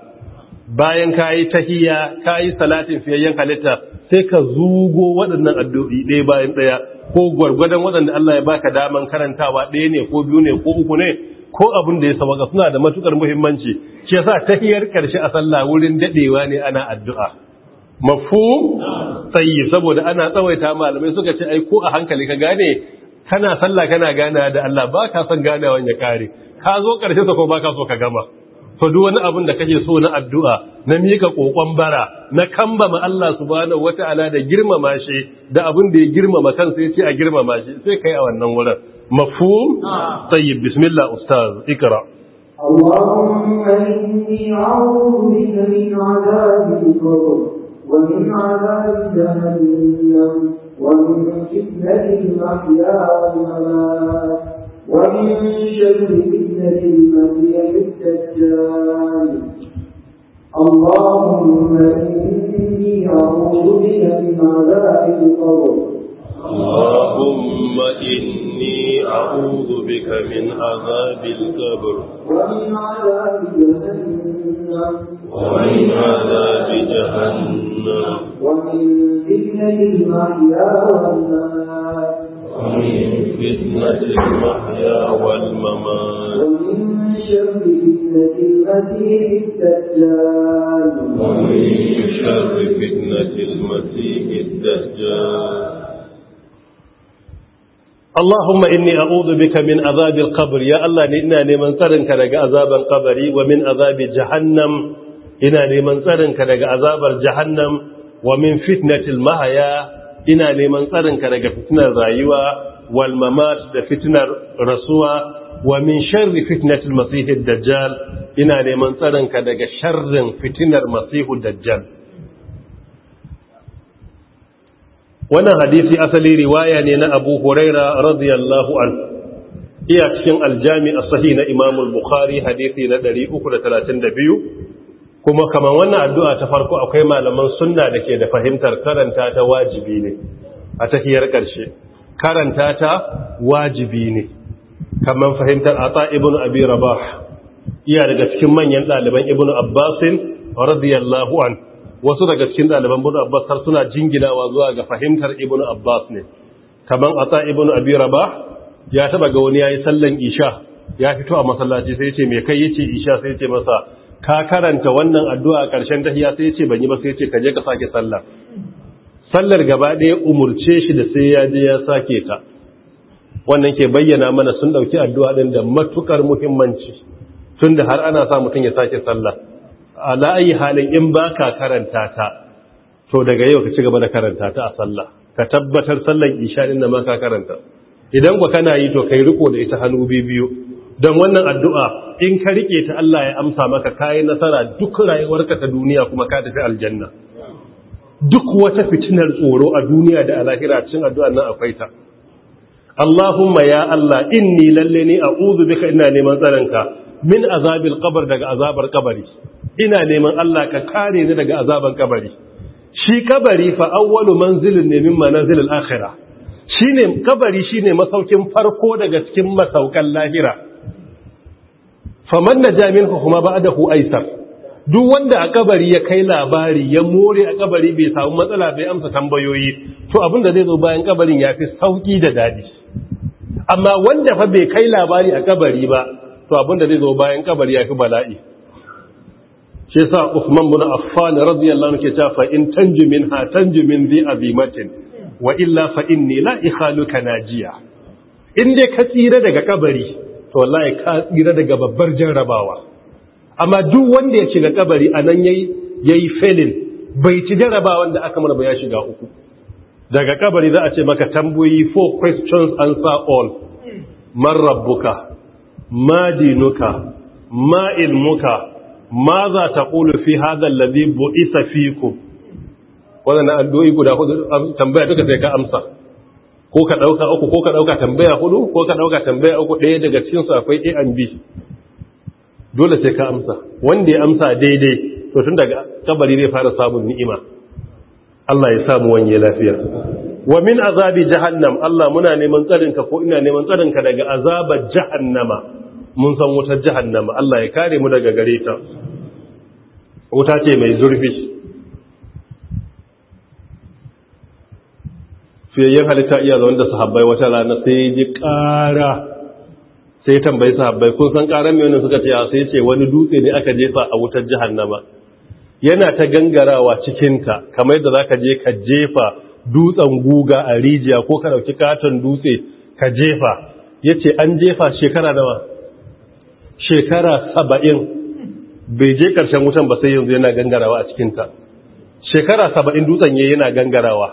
bayan ka kayi tahiya yi salatin fiyayyen halitta sai ka zugo waɗannan addu'o'i ɗaya bayan ɗaya ko gwargwadon waɗanda Allah ya baka daman karantawa ɗaya ne ko biyu ne ko uku ne ko abin da ya sabaka suna da matukar muhimmanci shi yasa tahiyar karshe a sallah wurin dadewa ne ana addu'a Mafu tsayi saboda ana tsawaita malamai suka ce ai ko a hankali ka gane kana sallah kana gana da Allah ba ka san ganawan ya kare ka zo karshe sa ko ba ka so ka gama to duk wani abin da kake so na addu'a na mika kokon bara na kambama Allah subhanahu wataala da girmama shi da abin da ya girmama kansa ce a girmama shi sai kai a wannan wurin مفهوم آه. طيب بسم الله أستاذ اقرأ اللهم إني أعوذ بك من عذاب القبر ومن عذاب جهنم ومن فتنة الأحياء والممات ومن شر فتنة المسيح الدجال اللهم إني أعوذ بك من عذاب القبر اللهم إني إني أعوذ بك من عذاب القبر ومن عذاب جهنم ومن عذاب جهنم ومن فتنة المحيا والممات ومن فتنة المحيا والممات ومن شر فتنة المسيح الدجال ومن شر فتنة المسيح الدجال Allahumma inni a'udhu bika min azabil qabr ya Allah ne ina neman tsarinka daga azaban kabari wa min azabi jahannam ina neman tsarinka daga azabar jahannam wa min fitnatil mahaya ina neman tsarinka daga fitnar rayuwa wal mamat da fitnar rasuwa wa min sharri fitnatil masihid dajjal ina neman tsarinka daga sharrin fitnar masihud dajjal wannan hadisi asali riwaya ne na abu huraira radiyallahu an iya cikin aljami a sahi na imamul bukhari hadisi na 332 kuma kamar wannan addu'a ta farko akwai malaman sunna da ke da fahimtar karanta ta wajibi ne a tahiyar ƙarshe karanta ta wajibi ne kamar fahimtar ata Ibnu abi rabah iya daga cikin manyan ɗaliban ibn abbasin radiyallahu an wasu daga cikin ɗaliban ibn abbas har suna jinginawa zuwa ga fahimtar ibn abbas ne kaman ata ibn abi rabah ya taba ga wani yayi sallan isha ya fito a masallaci sai yace me kai yace isha sai yace masa ka karanta wannan addu'a a ƙarshen hiya sai yace ban yi ba sai yace ka je ka sake sallah sallar gaba ɗaya umurce shi da sai ya je ya sake ta wannan ke bayyana mana sun ɗauki addu'a ɗin da matukar muhimmanci tunda har ana sa mutum ya sake sallah a la'ayi halin in baka karanta ta to daga yau ka ci gaba da karanta ta a sallah ka tabbatar sallan isha din da ma ka karanta idan ba kana yi to kai riko da ita hannu biyu don wannan addu'a in ka rike ta Allah ya amsa maka kayi nasara duk rayuwarka ta duniya kuma ka tafi aljanna duk wata fitinar tsoro a duniya da alahira cin addu'a nan akwai ta Allahumma ya Allah inni lalle ni a'udhu bika ina neman tsaranka min azabil qabr daga azabar kabari ina neman Allah ka kare ni daga azaban kabari shi kabari fa awwalu manzilin ne min manazilil akhirah shine kabari shine masaukin farko daga cikin masaukan lahira faman naja minhu kuma ba'dahu aisar duk wanda a kabari ya kai labari ya more a kabari bai samu matsala bai amsa tambayoyi to abinda zai zo bayan kabarin ya fi sauki da dadi amma wanda fa bai kai labari a kabari ba to abinda zai zo bayan kabari ya fi bala'i shi sa Uthman bin Affan radiyallahu anhu ke ta fa in tanji minha tanji min bi azimatin wa illa fa inni la ikhaluka najiya in dai ka tsira daga kabari to wallahi ka tsira daga babbar jarrabawa amma duk wanda ya shiga kabari anan yayi yayi felin bai ci jarrabawan da aka mura ba ya shiga uku daga kabari za a ce maka tambayoyi four questions answer all man rabbuka ma dinuka ma ilmuka ma za ta ƙulu fi hadar bu isa fi ku waɗanda addu'o'i guda hudu tambaya duka sai ka amsa ko ka ɗauka uku ko ka ɗauka tambaya hudu ko ka ɗauka tambaya uku ɗaya daga cikinsu akwai a and b dole sai ka amsa wanda ya amsa daidai to tun daga kabari zai fara samun ni'ima Allah ya samu wanye lafiya wa min azabi jahannam Allah muna neman tsarinka ko ina neman tsarinka daga azabar jahannama mun san wutar jahannama Allah ya kare mu daga gare ta wuta ce mai zurfi fiyayyen halitta iya zaune da sahabbai wata rana sai ji ƙara sai tambayi sahabbai kun san ƙaran mai wani suka ce sai ce wani dutse ne aka jefa a wutar jahannama yana ta gangarawa cikinta kamar da za ka je ka jefa dutsen guga a rijiya ko ka ɗauki katon dutse ka jefa ya ce an jefa shekara nawa shekara saba'in bai je ƙarshen wutan ba sai yanzu yana gangarawa a cikinta shekara saba'in dutsen ya yana gangarawa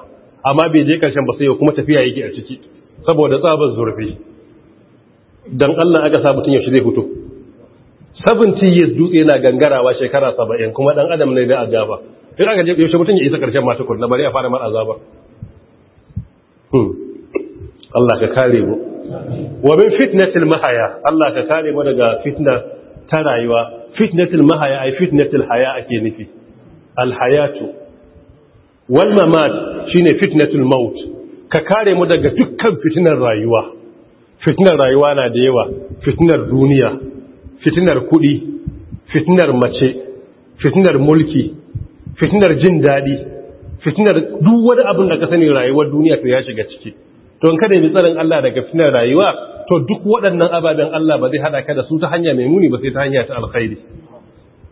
amma bai je ƙarshen ba sai yau kuma tafiya yake a ciki saboda tsabar zurfi don allah aka sa mutum yaushe zai hutu 70 years dutse yana gangarawa shekara saba'in kuma ɗan adam ne da azaba in aka je yaushe mutum ya isa ƙarshen mata kullum bari a fara mar azaba hmm. Allah ka kare mu wa min fitnatil mahaya Allah ka kare mu daga fitna ta rayuwa fitnatil mahaya ai fitnatil haya ake nufi al hayatu wal mamat shine fitnatul maut ka kare mu daga dukkan fitinar rayuwa fitinar rayuwa na da yawa fitinar duniya fitinar kudi fitinar mace fitinar mulki fitinar jin dadi fitinar duk wani abin da ka sani rayuwar duniya to ya shiga ciki don kada ya bi tsarin Allah daga fitinar rayuwa to duk waɗannan ababen Allah ba zai hada ka da su ta hanya mai muni ba sai ta hanya ta alkhairi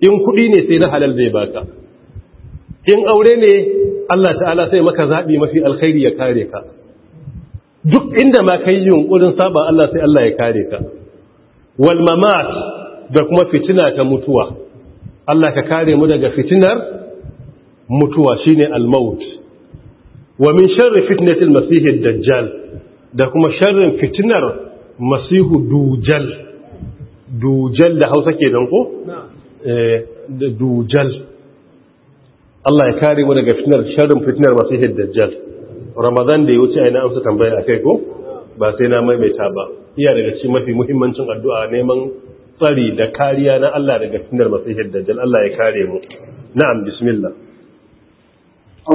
in kuɗi ne sai na halal zai baka in aure ne Allah ta'ala sai maka zaɓi mafi alkhairi ya kare ka duk inda ma kai yunkurin saba Allah sai Allah ya kare ka wal mamat da kuma fitina ta mutuwa Allah ka kare mu daga fitinar mutuwa shine al-maut wa min sharri fitnatil masihid dajjal da kuma sharrin fitinar masihu dujal dujal da hausa ke don ko? Eh, dujal Allah ya kare mu daga fitinar sharrin fitinar masihi dajjal ramadan da ya wuce aina amsa tambaya a kai ko? ba sai na maimaita ba iya daga cikin mafi muhimmancin addu'a neman tsari da kariya na Allah daga fitinar masihid dajjal Allah ya kare mu na'am bismillah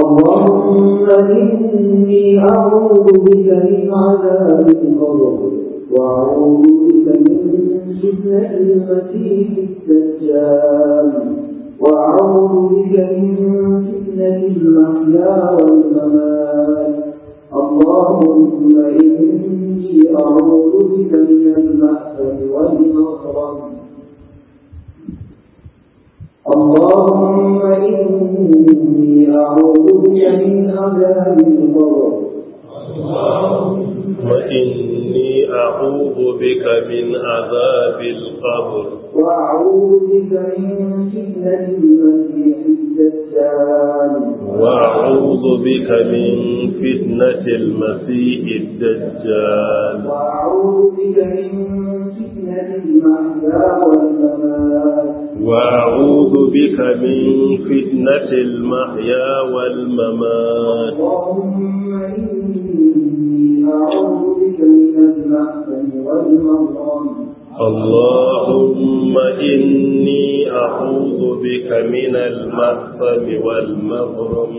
اللهم إني أعوذ بك من عذاب القبر وأعوذ بك من فتنة المسيح الدجال وأعوذ بك من فتنة المحيا والممات اللهم إني أعوذ بك من المأثم والمخرج اللهم إني أعوذ بك من عذاب القبر وإني أعوذ بك من عذاب القبر وأعوذ بك من فتنة المسيح الدجال وأعوذ بك من فتنة المسيح الدجال وأعوذ بك من فتنة المحيا والممات وأعوذ بك من فتنة المحيا والممات اللهم إني أعوذ بك من المحسن والمظلم اللهم إني أعوذ بك من المأثم والمغرم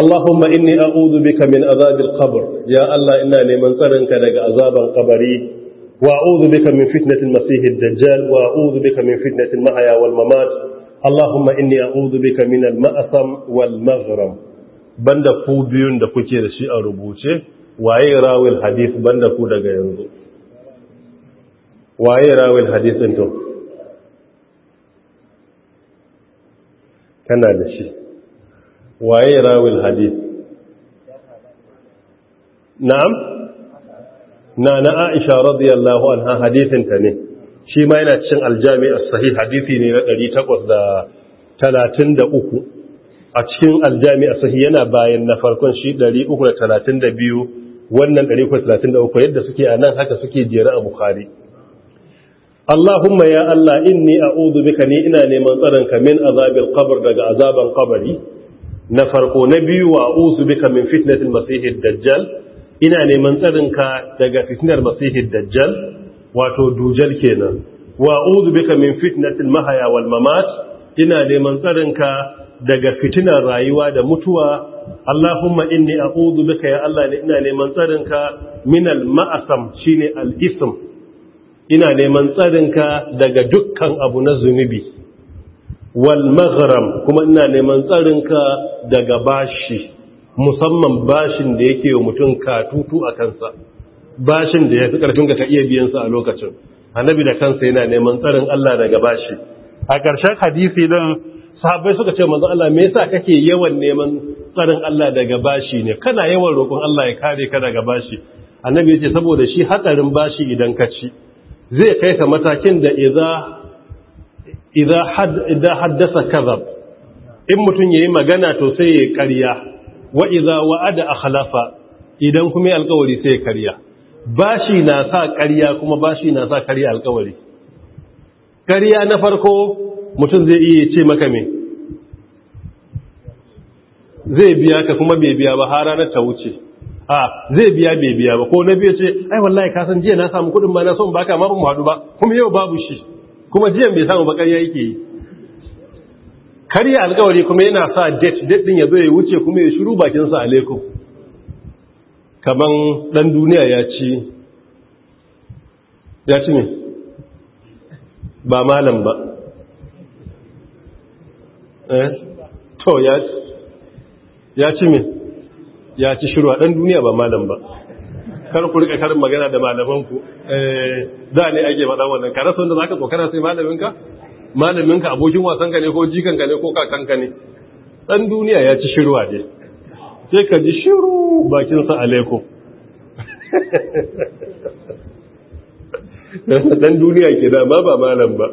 اللهم إني أعوذ بك من عذاب القبر يا الله إنا لمن سننك لك عذابا قبري وأعوذ بك من فتنة المسيح الدجال وأعوذ بك من فتنة المحيا والممات اللهم إني أعوذ بك من المأثم والمغرم banda ku biyun da kuke da shi a rubuce waye rawil hadith banda ku daga yanzu waye rawin hadisin to kana da shi waye rawin hadis na'am na na aisha radiyallahu anha hadisin ta ne shi ma yana cikin aljami as-sahih hadisi ne na 833 a cikin aljami as-sahih yana bayan na farkon shi 332 wannan 333 yadda suke a nan haka suke jere a bukhari Allahumma ya Allah inni a'udhu bika ni ina neman tsaronka min azabil qabr daga azaban qabari na farko na biyu wa a'udhu bika min fitnatil masihid dajjal ina neman tsaronka daga fitnar masihid dajjal wato dujal kenan wa a'udhu bika min fitnatil mahaya wal mamat ina neman tsaronka daga fitinar rayuwa da mutuwa Allahumma inni a'udhu bika ya Allah ina neman tsaronka min al ma'asam shine al ism ina neman tsarinka daga dukkan abu na zunubi wal maghram kuma ina neman tsarinka daga bashi musamman bashin da yake wa mutum katutu a kansa bashin da ya fi ƙarfinka ka iya biyan sa a lokacin annabi da kansa yana neman tsarin Allah daga bashi a ƙarshen hadisi don sahabbai suka ce manzo Allah me yasa kake yawan neman tsarin Allah daga bashi ne kana yawan roƙon Allah ya kare ka daga bashi annabi ya ce saboda shi hatsarin bashi idan ka ci zai kai ka matakin da idan haddasa kazab in mutum ya yi magana to sai ya karya wa iza wa'ada a halafa idan kuma ya alkawari sai ya karya bashi na sa karya kuma bashi na sa karya alkawari karya na farko mutum zai iya ce maka me zai biya ka kuma bai biya ba har ranar ta wuce a zai biya bai biya ba ko na biya ce ai wallahi ka san jiya na samu kudin ba na son baka ma ban hadu ba kuma yau babu shi kuma jiya bai samu ba ƙarya yake yi karya alƙawari kuma yana sa date date din ya zo ya wuce kuma ya shiru bakin sa alaikum kaman dan duniya ya ci ya ci ne ba malam ba eh to ya ya ci me ya ci shirwa ɗan duniya ba malam ba kar ku rika karin magana da malamanku eh, da ne ake faɗa wannan kare rasa wanda za ka tsokana sai malaminka malaminka abokin ka ne ko ka ne ko ka ne ɗan duniya ya ci shirwa ɗe sai ka ji shiru sa alaikum (laughs) ɗan duniya ke da ba ba malam ba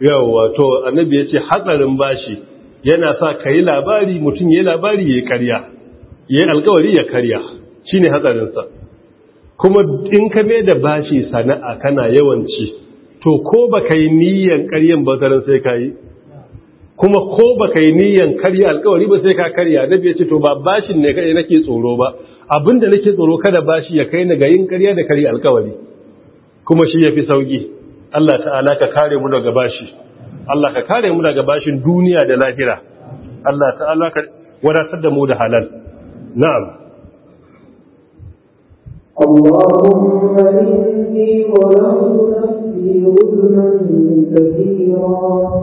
yawwa to annabi ya ce hatsarin bashi yana sa ka yi labari mutum ya yi labari ya yi karya yayi alkawari ya karya shine hatsarin sa kuma in ka mai da bashi sana'a kana yawanci to ko baka yi niyyar karyan bazarin sai ka yi kuma ko baka yi niyyar karya alkawari ba sai ka karya na ya ce to ba bashin ne kai nake tsoro ba abinda nake tsoro kada bashi ya kai ni ga yin karya da karya alkawari kuma shi yafi sauki Allah ta'ala ka kare mu daga bashi Allah ka kare mu daga bashin duniya da lahira Allah ta'ala ka wadatar da mu da halal نعم اللهم إني ظلمت نفسي ظلما كثيرا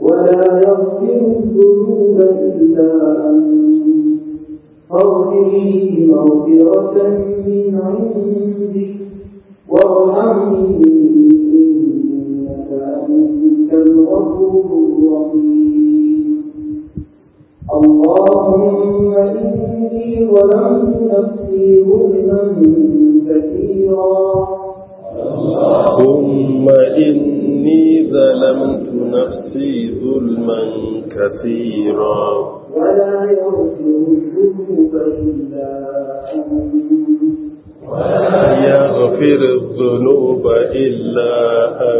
ولا يغفر الذنوب إلا أنت فاغفر لي مغفرة من عندك وارحمني إنك أنت الغفور الرحيم اللهم إني ظلمت نفسي ظلما كثيرا اللهم إني ظلمت نفسي ظلما كثيرا ولا يغفر الذنوب إلا أنت ولا يغفر الذنوب إلا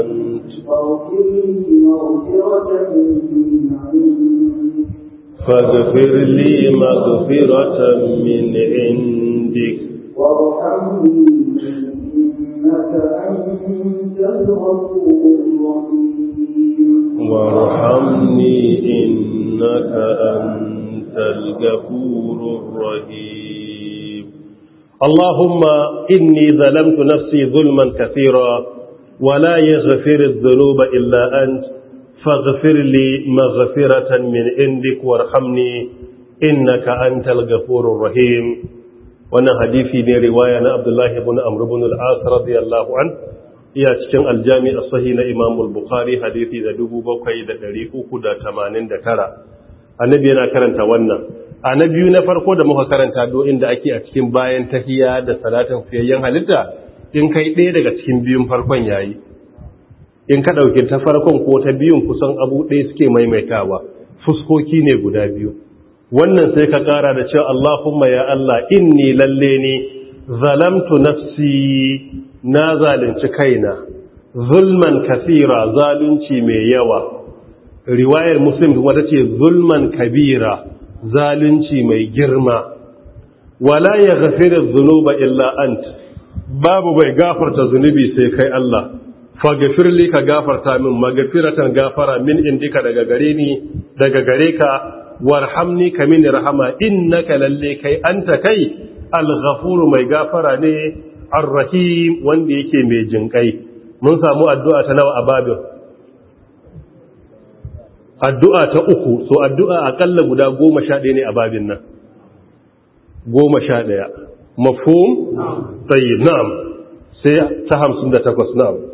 أنت فاغفر لي مغفرة من عندك فاغفر لي مغفرة من عندك وارحمني إنك أنت الغفور الرحيم وارحمني إنك أنت الغفور الرحيم اللهم إني ظلمت نفسي ظلما كثيرا ولا يغفر الذنوب إلا أنت فاغفر لي مغفرة من عندك وارحمني إنك أنت الغفور الرحيم وانا حديثي ني رواية عبد الله بن عمرو بن العاص رضي الله عنه يا cikin aljami as-sahih na Imam bukhari hadisi da tara. annabi yana karanta wannan annabi na farko da muka karanta do inda ake a cikin bayan tafiya da salatin fiyayyen halitta in kai ɗaya daga cikin biyun farkon yayi in ka ɗauki ta farkon ko ta biyun kusan abu ɗaya suke maimaitawa fuskoki ne guda biyu wannan sai ka ƙara da cewa Allahumma ya Allah inni lalle ne zalamtu nafsi na zalunci kaina zulman kasira zalunci mai yawa riwayar muslim wata ce zulman kabira zalunci mai girma wala ya gafirar zunuba illa ant babu bai gafarta zunubi sai kai Allah faghfirli ka gafarta min maghfiratan gafara min indika daga gare ni daga gare ka warhamni ka min rahama innaka lalle kai anta kai al-ghafuru mai gafara ne arrahim wanda yake mai jinkai mun samu addu'a ta nawa a babin addu'a ta uku so addu'a akalla guda 11 ne a babin nan 11 mafhum tayyib na'am sai ta 58 na'am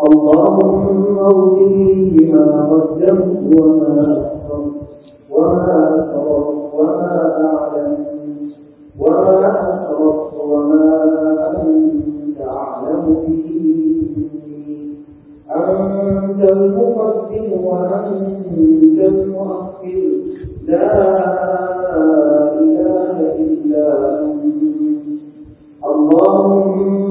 اللهم اغفر لي بما قدمت وما أخرت وما أسررت وما اعلمت وما أسررت وما أنت أعلم به أنت المقدم وأنت المؤخر لا إله إلا أنت اللهم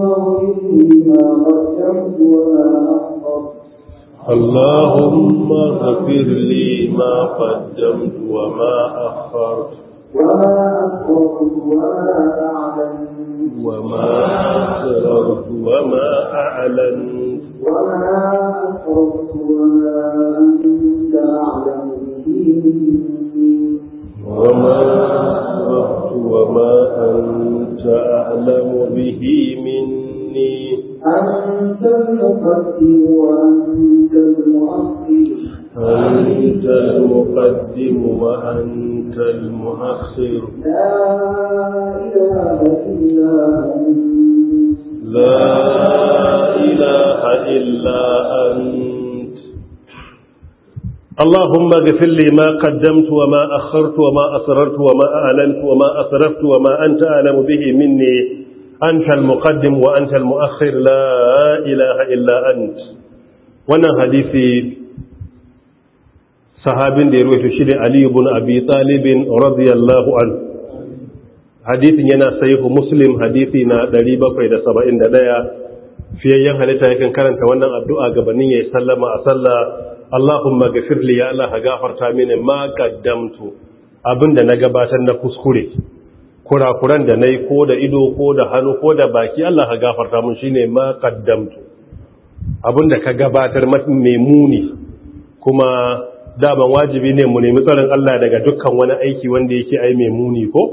اللهم اغفر لي ما قدمت وما أخرت وما أخرت وما أعلنت وما أسررت وما أعلنت وما أسررت وما أنت أعلم به وما أسررت وما أنت أعلم به مني أنت المقدم وأنت المؤخر أنت المقدم وأنت المؤخر لا إله إلا أنت لا إله إلا أنت اللهم اغفر لي ما قدمت وما أخرت وما أسررت وما أعلنت وما أسرفت وما أنت أعلم به مني أنت المقدم وأنت المؤخر لا إله إلا أنت wannan hadisi sahabin da ya ruwa shirin aliyubun abi talibin radiyallahu an hadisin yana sayifu muslim hadisi na da 771 fiyayyen halitta yakin karanta wannan addu’a gabanin ya yi sallama a Allahu allahumma gafirli ya allaha gafarta mini ma kaddamtu abinda na gabatar na kuskure kurakuran da nayi ko da ido ko da hannu ko da baki Allah ka gafarta mun shine ma Abun abinda ka gabatar mai muni kuma da daban wajibi ne mu nemi tsarin Allah daga dukkan wani aiki wanda yake ai mai muni ko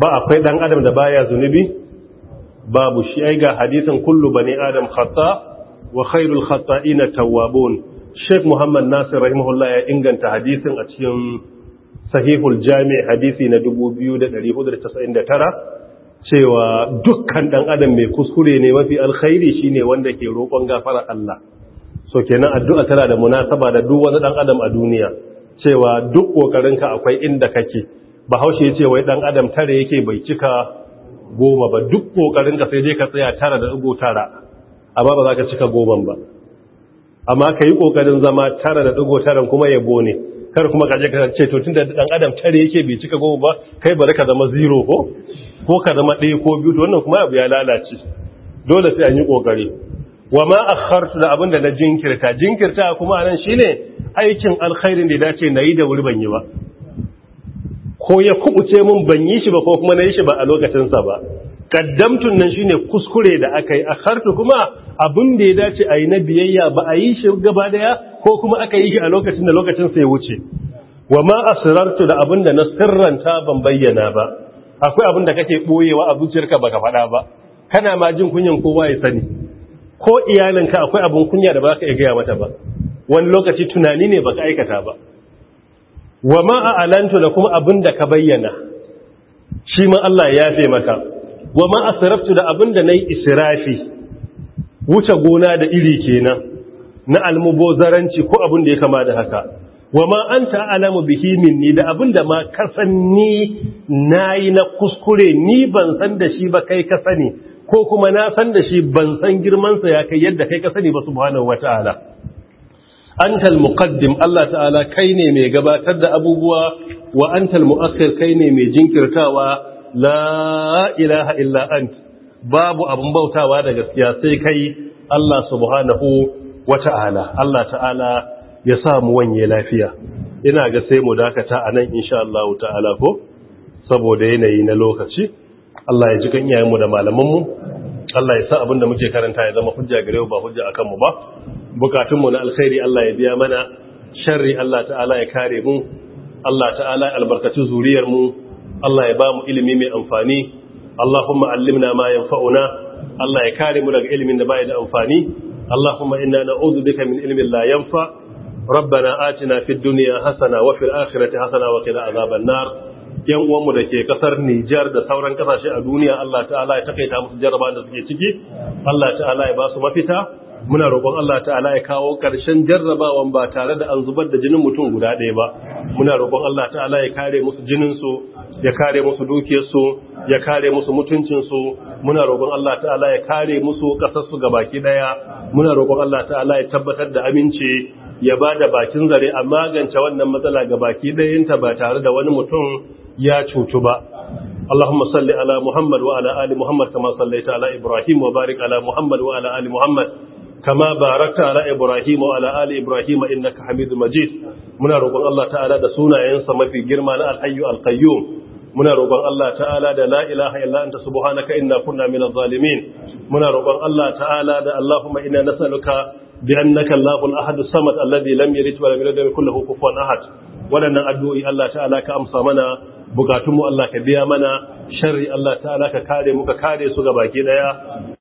ba akwai dan adam da baya zunubi babu shi ai ga hadisin kullu bani adam khata wa khairul khata'ina tawwabun Sheikh Muhammad Nasir rahimahullah ya inganta hadisin a cikin sahihul jami' hadisi na 2499 cewa dukkan dan adam mai kuskure ne mafi alkhairi shine wanda ke roƙon gafara Allah so kenan addu'a tana da munasaba da duk wani dan adam a duniya cewa duk kokarinka akwai inda kake bahaushe yace wai dan adam tare yake bai cika goma ba duk kokarinka sai dai ka tsaya tara da dugo tara amma ba za ka cika goman ba amma ka yi kokarin zama tara da dugo taran kuma yabo ne kar kuma kaje ka ce to tunda dan adam tare yake bai cika goma ba kai bari ka zama zero ko ko ka zama ɗaya ko biyu to wannan kuma abu ya lalace dole sai an yi kokari wa ma akhartu da abinda na jinkirta jinkirta kuma anan shine aikin alkhairin da dace na yi da wuri ban yi ba ko ya kubuce mun ban yi shi ba ko kuma na yi shi ba a lokacin sa ba kaddamtun nan shine kuskure da aka yi akhartu kuma abin da ya dace ayi na biyayya ba a yi shi gaba daya ko kuma aka yi shi a lokacin da lokacin sai wuce wa ma asrartu da abin da na sirranta ban bayyana ba akwai abin da kake boyewa a zuciyarka baka faɗa ba kana ma jin kunyan kowa ya sani ko iyalinka akwai abin kunya da baka iya mata ba wani lokaci tunani ne baka aikata ba wa ma a'alantu da kuma abin da ka bayyana shi ma Allah ya yafe maka wa ma asraftu da abinda nayi israfi wuce gona da iri kenan na almubozaranci ko abin da ya kama da haka wa ma anta alamu bihi ni da abinda ma kasanni nayi na kuskure ni ban san da shi ba kai ka sani ko kuma na san da shi ban san girmansa sa ya kai yadda kai ka sani ba subhanahu wataala antal muqaddim Allah ta'ala kai ne mai gabatar da abubuwa wa antal muakhir kai ne mai jinkirtawa la ilaha illa ant babu abun bautawa da gaskiya sai kai Allah subhanahu wata'ala Allah ta'ala ya sa mu wanye lafiya ina ga sai mu dakata anan insha Allah ta'ala ko saboda yanayi na lokaci Allah ya ji kan iyayenmu da malamanmu Allah ya sa abin da muke karanta ya zama hujja gare ba hujja akan mu ba mu na alkhairi Allah ya biya mana sharri Allah ta'ala ya kare mu Allah ta'ala albarkaci zuriyar mu Allah ya ba mu ilimi mai amfani Allahumma allimna ma fa'una. Allah ya kare mu daga ilimin da ba da amfani Allahumma inna na'udhu bika min ilmin la yanfa ربنا آتنا في الدنيا حسنة وفي الآخرة حسنة وقنا عذاب النار yan uwanmu da ke kasar Nijar da sauran ƙasashe a duniya Allah ta'ala ya takaita musu jarraba da suke ciki Allah ta'ala ya ba su mafita muna roƙon Allah ta'ala ya kawo ƙarshen jarrabawan ba tare da an zubar da jinin mutum guda ɗaya ba muna roƙon Allah ta'ala ya kare musu jinin su ya kare musu dukiyarsu ya kare musu mutuncinsu muna roƙon Allah ta'ala ya kare musu ƙasarsu ga baki ɗaya muna roƙon Allah ta'ala ya tabbatar da aminci ya ba da bakin zare a magance wannan matsala ga baki ɗayanta ba tare da wani mutum ya cutu ba اللهم صل على محمد وعلى آل محمد كما صليت على إبراهيم وبارك على محمد وعلى Ali محمد kama barakta ala ibrahim wa ala ali ibrahim innaka hamidul majid muna roƙon Allah ta'ala da sunayensa mafi girma na alhayyu al'kayyu, muna roƙon Allah ta'ala da la ilaha illa anta subhanaka inna kunna minaz zalimin muna roƙon Allah ta'ala da Allahumma inna nas'aluka bi annaka allahul ahad samad alladhi lam yalid wa lam yulad wa kulluhu kufuwan ahad wadannan addu'o'i Allah ta'ala ka amsa mana bukatunmu Allah ka biya mana sharri Allah ta'ala ka kare mu ka kare su ga baki daya